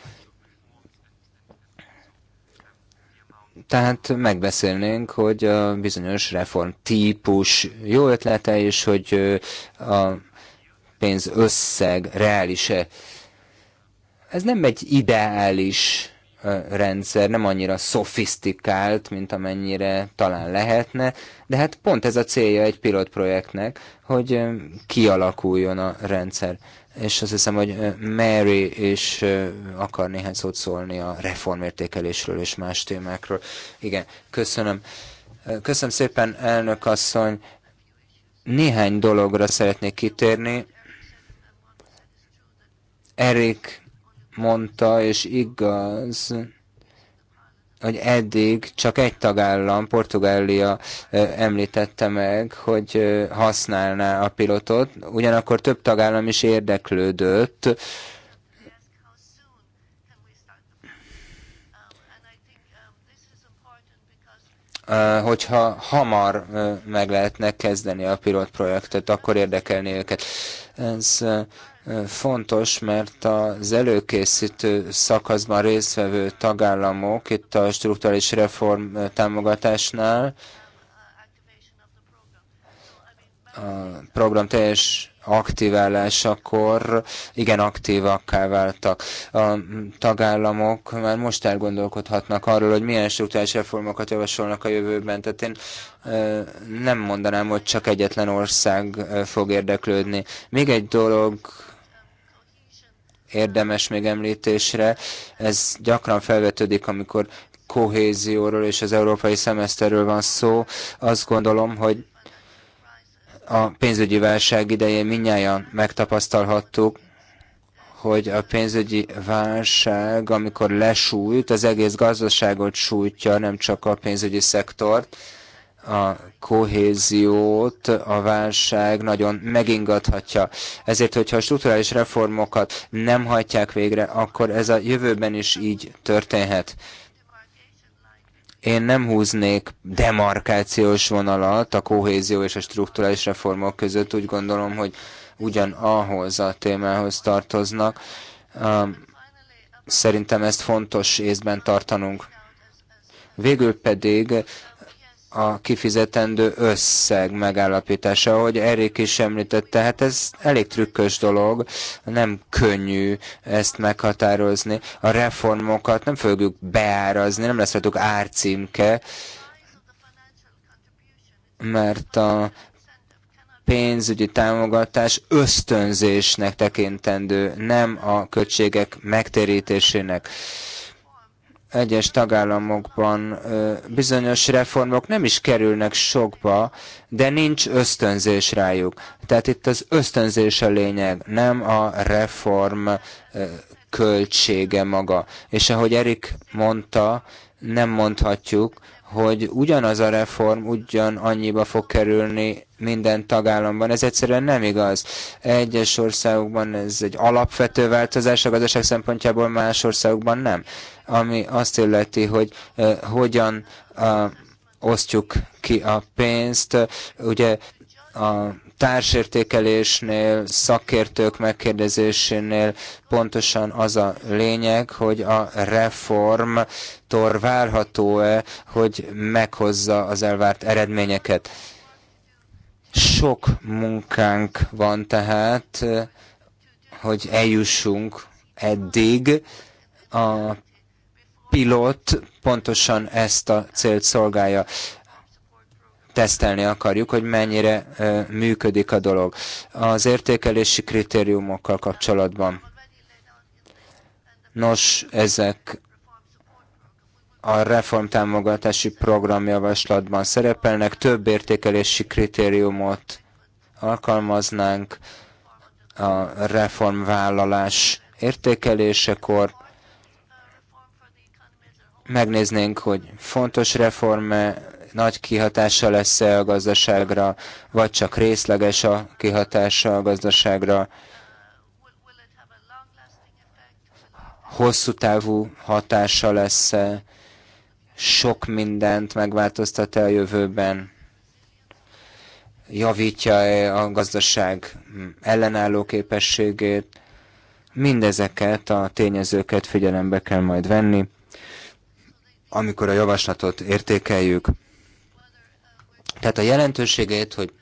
Tehát megbeszélnénk, hogy a bizonyos reform típus jó ötlete, és hogy a pénz összeg reális-e. Ez nem egy ideális rendszer nem annyira szofisztikált, mint amennyire talán lehetne, de hát pont ez a célja egy pilotprojektnek, hogy kialakuljon a rendszer. És azt hiszem, hogy Mary is akar néhány szót szólni a reformértékelésről és más témákról. Igen, köszönöm. Köszönöm szépen, elnök asszony. Néhány dologra szeretnék kitérni. Erik mondta, és igaz, hogy eddig csak egy tagállam, Portugália említette meg, hogy használná a pilotot, ugyanakkor több tagállam is érdeklődött, hogyha hamar meg lehetne kezdeni a pilot projektet, akkor érdekelni őket. Ez fontos, mert az előkészítő szakaszban résztvevő tagállamok itt a strukturális reform támogatásnál a program teljes aktiválásakor igen aktívakká váltak. A tagállamok már most elgondolkodhatnak arról, hogy milyen struktúrális reformokat javasolnak a jövőben. Tehát én nem mondanám, hogy csak egyetlen ország fog érdeklődni. Még egy dolog érdemes még említésre, ez gyakran felvetődik, amikor kohézióról és az európai szemeszterről van szó. Azt gondolom, hogy a pénzügyi válság idején minnyáján megtapasztalhattuk, hogy a pénzügyi válság, amikor lesújt, az egész gazdaságot sújtja, nem csak a pénzügyi szektort, a kohéziót a válság nagyon megingathatja. Ezért, hogyha a strukturális reformokat nem hajtják végre, akkor ez a jövőben is így történhet. Én nem húznék demarkációs vonalat a kohézió és a strukturális reformok között. Úgy gondolom, hogy ugyanahhoz a témához tartoznak. Szerintem ezt fontos észben tartanunk. Végül pedig a kifizetendő összeg megállapítása, ahogy Erik is említette, hát ez elég trükkös dolog, nem könnyű ezt meghatározni. A reformokat nem fogjuk beárazni, nem lesz rajtuk árcímke, mert a pénzügyi támogatás ösztönzésnek tekintendő, nem a költségek megtérítésének egyes tagállamokban bizonyos reformok nem is kerülnek sokba, de nincs ösztönzés rájuk. Tehát itt az ösztönzés a lényeg, nem a reform költsége maga. És ahogy Erik mondta, nem mondhatjuk, hogy ugyanaz a reform ugyan annyiba fog kerülni minden tagállamban. Ez egyszerűen nem igaz. Egyes országokban ez egy alapvető változás a gazdaság szempontjából, más országokban nem. Ami azt illeti, hogy uh, hogyan uh, osztjuk ki a pénzt. Ugye a társértékelésnél, szakértők megkérdezésénél pontosan az a lényeg, hogy a reform Viktor várható-e, hogy meghozza az elvárt eredményeket. Sok munkánk van tehát, hogy eljussunk eddig. A pilot pontosan ezt a célt szolgálja tesztelni akarjuk, hogy mennyire működik a dolog. Az értékelési kritériumokkal kapcsolatban. Nos, ezek a reformtámogatási programjavaslatban szerepelnek, több értékelési kritériumot alkalmaznánk a reformvállalás értékelésekor, megnéznénk, hogy fontos reform -e, nagy kihatása lesz-e a gazdaságra, vagy csak részleges a kihatása a gazdaságra, hosszú távú hatása lesz-e, sok mindent megváltoztat-e a jövőben? Javítja-e a gazdaság ellenálló képességét? Mindezeket a tényezőket figyelembe kell majd venni, amikor a javaslatot értékeljük. Tehát a jelentőségét, hogy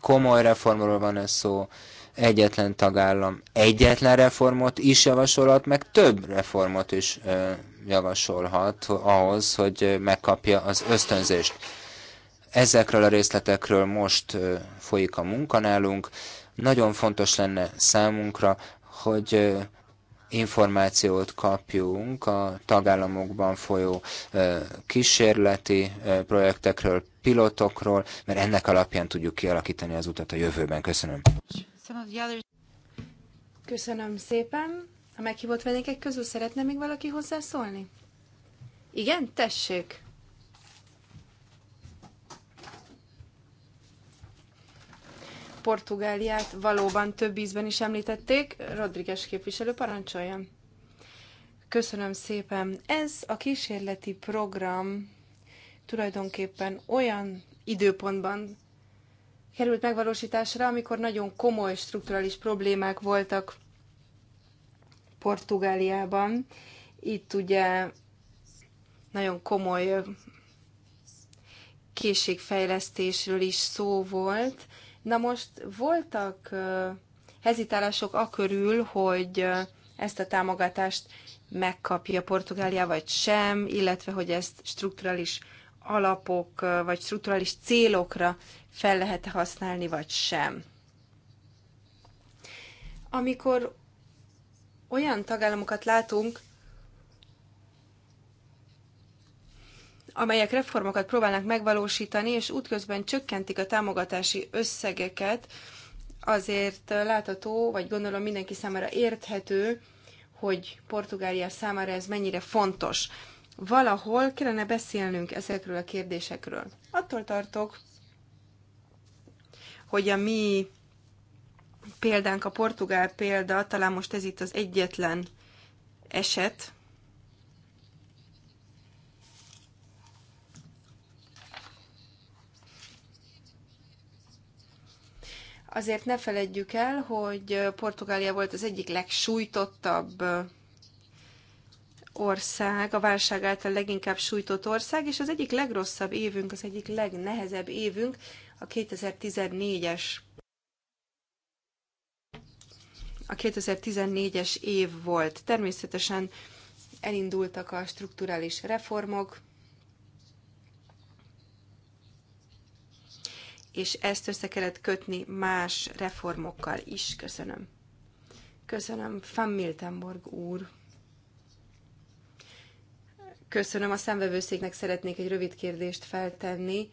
komoly reformról van ez szó, egyetlen tagállam egyetlen reformot is javasolhat, meg több reformot is javasolhat ahhoz, hogy megkapja az ösztönzést. Ezekről a részletekről most folyik a munka nálunk. Nagyon fontos lenne számunkra, hogy információt kapjunk a tagállamokban folyó kísérleti projektekről, pilotokról, mert ennek alapján tudjuk kialakítani az utat a jövőben. Köszönöm some of the others... Köszönöm szépen. A meghívott vendégek közül szeretne még valaki hozzászólni? Igen, tessék. Portugáliát valóban több ízben is említették. Rodriguez képviselő parancsoljon. Köszönöm szépen. Ez a kísérleti program tulajdonképpen olyan időpontban került megvalósításra, amikor nagyon komoly strukturális problémák voltak Portugáliában. Itt ugye nagyon komoly készségfejlesztésről is szó volt. Na most voltak hezitálások a körül, hogy ezt a támogatást megkapja Portugália vagy sem, illetve hogy ezt strukturális alapok vagy strukturális célokra fel lehet használni, vagy sem. Amikor olyan tagállamokat látunk, amelyek reformokat próbálnak megvalósítani, és útközben csökkentik a támogatási összegeket, azért látható, vagy gondolom mindenki számára érthető, hogy Portugália számára ez mennyire fontos valahol kellene beszélnünk ezekről a kérdésekről. Attól tartok, hogy a mi példánk, a portugál példa, talán most ez itt az egyetlen eset, Azért ne feledjük el, hogy Portugália volt az egyik legsújtottabb ország, a válság által leginkább sújtott ország, és az egyik legrosszabb évünk, az egyik legnehezebb évünk a 2014-es a 2014-es év volt. Természetesen elindultak a strukturális reformok, és ezt össze kellett kötni más reformokkal is. Köszönöm. Köszönöm, Van Miltenborg úr. Köszönöm. A szemvevőszéknek szeretnék egy rövid kérdést feltenni.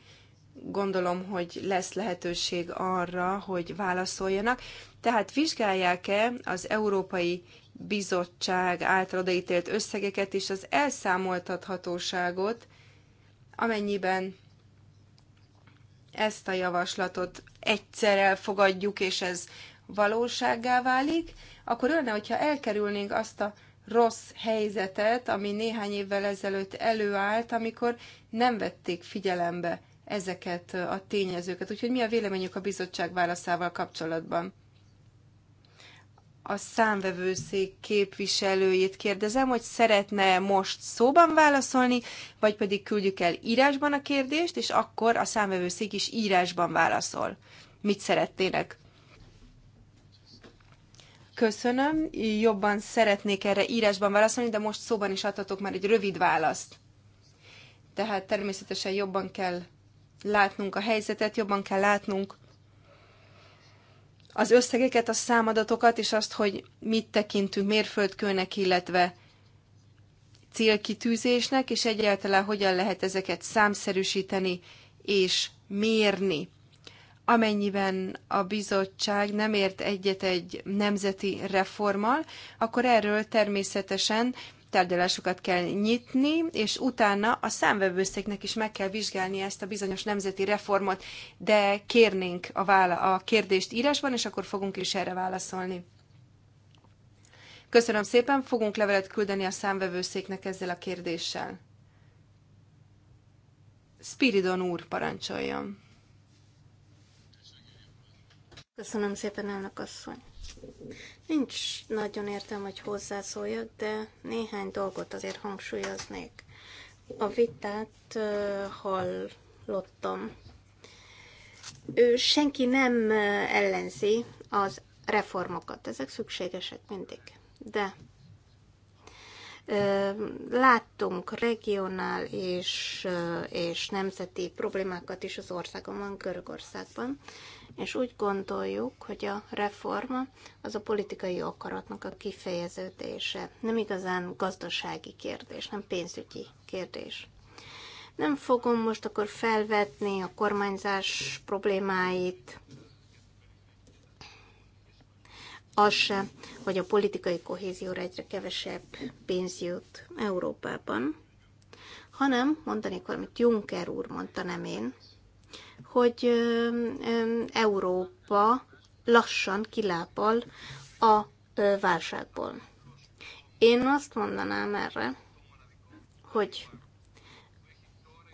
Gondolom, hogy lesz lehetőség arra, hogy válaszoljanak. Tehát vizsgálják-e az Európai Bizottság által odaítélt összegeket és az elszámoltathatóságot, amennyiben ezt a javaslatot egyszer elfogadjuk, és ez valósággá válik, akkor örne, hogyha elkerülnénk azt a rossz helyzetet, ami néhány évvel ezelőtt előállt, amikor nem vették figyelembe ezeket a tényezőket. Úgyhogy mi a véleményük a bizottság válaszával kapcsolatban? A számvevőszék képviselőjét kérdezem, hogy szeretne most szóban válaszolni, vagy pedig küldjük el írásban a kérdést, és akkor a számvevőszék is írásban válaszol. Mit szeretnének? Köszönöm, jobban szeretnék erre írásban válaszolni, de most szóban is adhatok már egy rövid választ. Tehát természetesen jobban kell látnunk a helyzetet, jobban kell látnunk az összegeket, a számadatokat, és azt, hogy mit tekintünk mérföldkőnek, illetve célkitűzésnek, és egyáltalán hogyan lehet ezeket számszerűsíteni és mérni amennyiben a bizottság nem ért egyet egy nemzeti reformmal, akkor erről természetesen tárgyalásokat kell nyitni, és utána a számvevőszéknek is meg kell vizsgálni ezt a bizonyos nemzeti reformot, de kérnénk a, vála- a kérdést írásban, és akkor fogunk is erre válaszolni. Köszönöm szépen, fogunk levelet küldeni a számvevőszéknek ezzel a kérdéssel. Spiridon úr, parancsoljon! Köszönöm szépen, elnök asszony. Nincs nagyon értem, hogy hozzászóljak, de néhány dolgot azért hangsúlyoznék. A vitát hallottam. Ő senki nem ellenzi az reformokat, ezek szükségesek mindig. De láttunk regionál és, és nemzeti problémákat is az országomban, Görögországban, és úgy gondoljuk, hogy a reforma az a politikai akaratnak a kifejeződése, nem igazán gazdasági kérdés, nem pénzügyi kérdés. Nem fogom most akkor felvetni a kormányzás problémáit, az se, hogy a politikai kohézióra egyre kevesebb pénz jut Európában, hanem mondanék valamit Juncker úr mondta, nem én, hogy Európa lassan kilápal a válságból. Én azt mondanám erre, hogy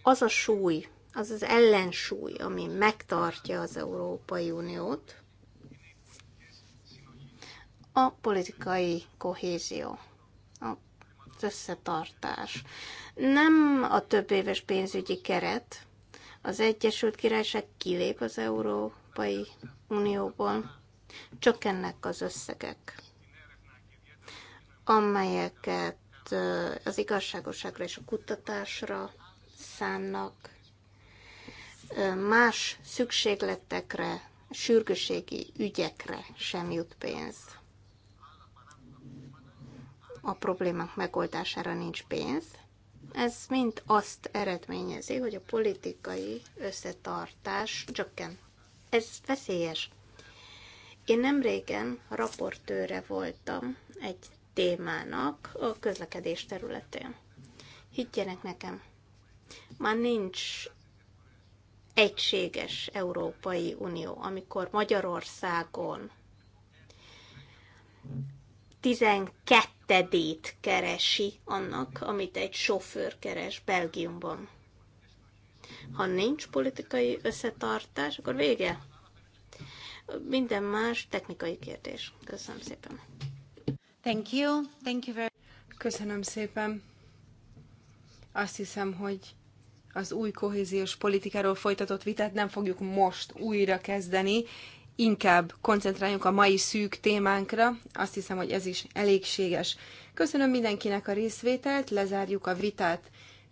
az a súly, az az ellensúly, ami megtartja az Európai Uniót, a politikai kohézió, az összetartás. Nem a több éves pénzügyi keret, az Egyesült Királyság kilép az Európai Unióból, csökkennek az összegek, amelyeket az igazságoságra és a kutatásra szánnak, más szükségletekre, sürgőségi ügyekre sem jut pénz. A problémák megoldására nincs pénz, ez mind azt eredményezi, hogy a politikai összetartás csökken. Ez veszélyes. Én nem régen raportőre voltam egy témának a közlekedés területén. Higgyenek nekem, már nincs egységes Európai Unió, amikor Magyarországon 12 12-ét keresi annak, amit egy sofőr keres Belgiumban. Ha nincs politikai összetartás, akkor vége. Minden más technikai kérdés. Köszönöm szépen. Thank you. Thank you very... Köszönöm szépen. Azt hiszem, hogy az új kohéziós politikáról folytatott vitát nem fogjuk most újra kezdeni, inkább koncentráljunk a mai szűk témánkra. Azt hiszem, hogy ez is elégséges. Köszönöm mindenkinek a részvételt, lezárjuk a vitát.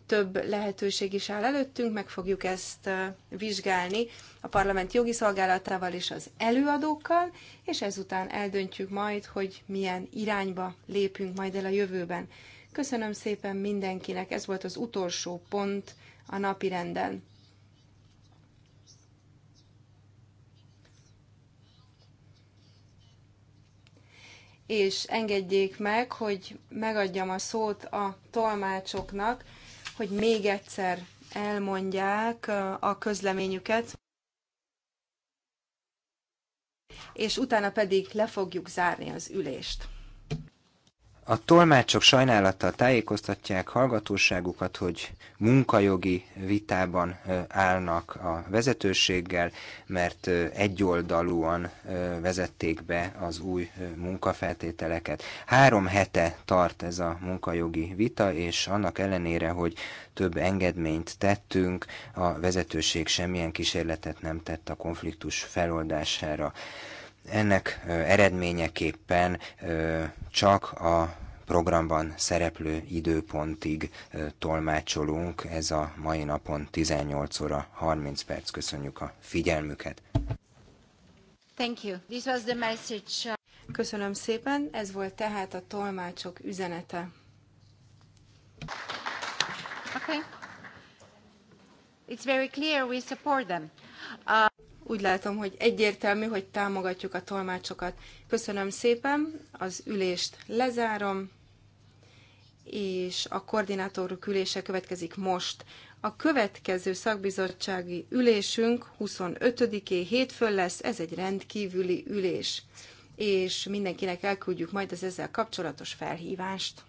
Több lehetőség is áll előttünk, meg fogjuk ezt vizsgálni a parlament jogi szolgálatával és az előadókkal, és ezután eldöntjük majd, hogy milyen irányba lépünk majd el a jövőben. Köszönöm szépen mindenkinek, ez volt az utolsó pont a renden. és engedjék meg, hogy megadjam a szót a tolmácsoknak, hogy még egyszer elmondják a közleményüket, és utána pedig le fogjuk zárni az ülést. A tolmácsok sajnálattal tájékoztatják hallgatóságukat, hogy munkajogi vitában állnak a vezetőséggel, mert egyoldalúan vezették be az új munkafeltételeket. Három hete tart ez a munkajogi vita, és annak ellenére, hogy több engedményt tettünk, a vezetőség semmilyen kísérletet nem tett a konfliktus feloldására. Ennek eredményeképpen csak a programban szereplő időpontig tolmácsolunk. Ez a mai napon 18 óra 30 perc. Köszönjük a figyelmüket. Thank you. This was the message. Köszönöm szépen, ez volt tehát a tolmácsok üzenete. Okay. It's very clear we support them. Uh... Úgy látom, hogy egyértelmű, hogy támogatjuk a tolmácsokat. Köszönöm szépen, az ülést lezárom, és a koordinátor ülése következik most. A következő szakbizottsági ülésünk 25-é hétfőn lesz, ez egy rendkívüli ülés, és mindenkinek elküldjük majd az ezzel kapcsolatos felhívást.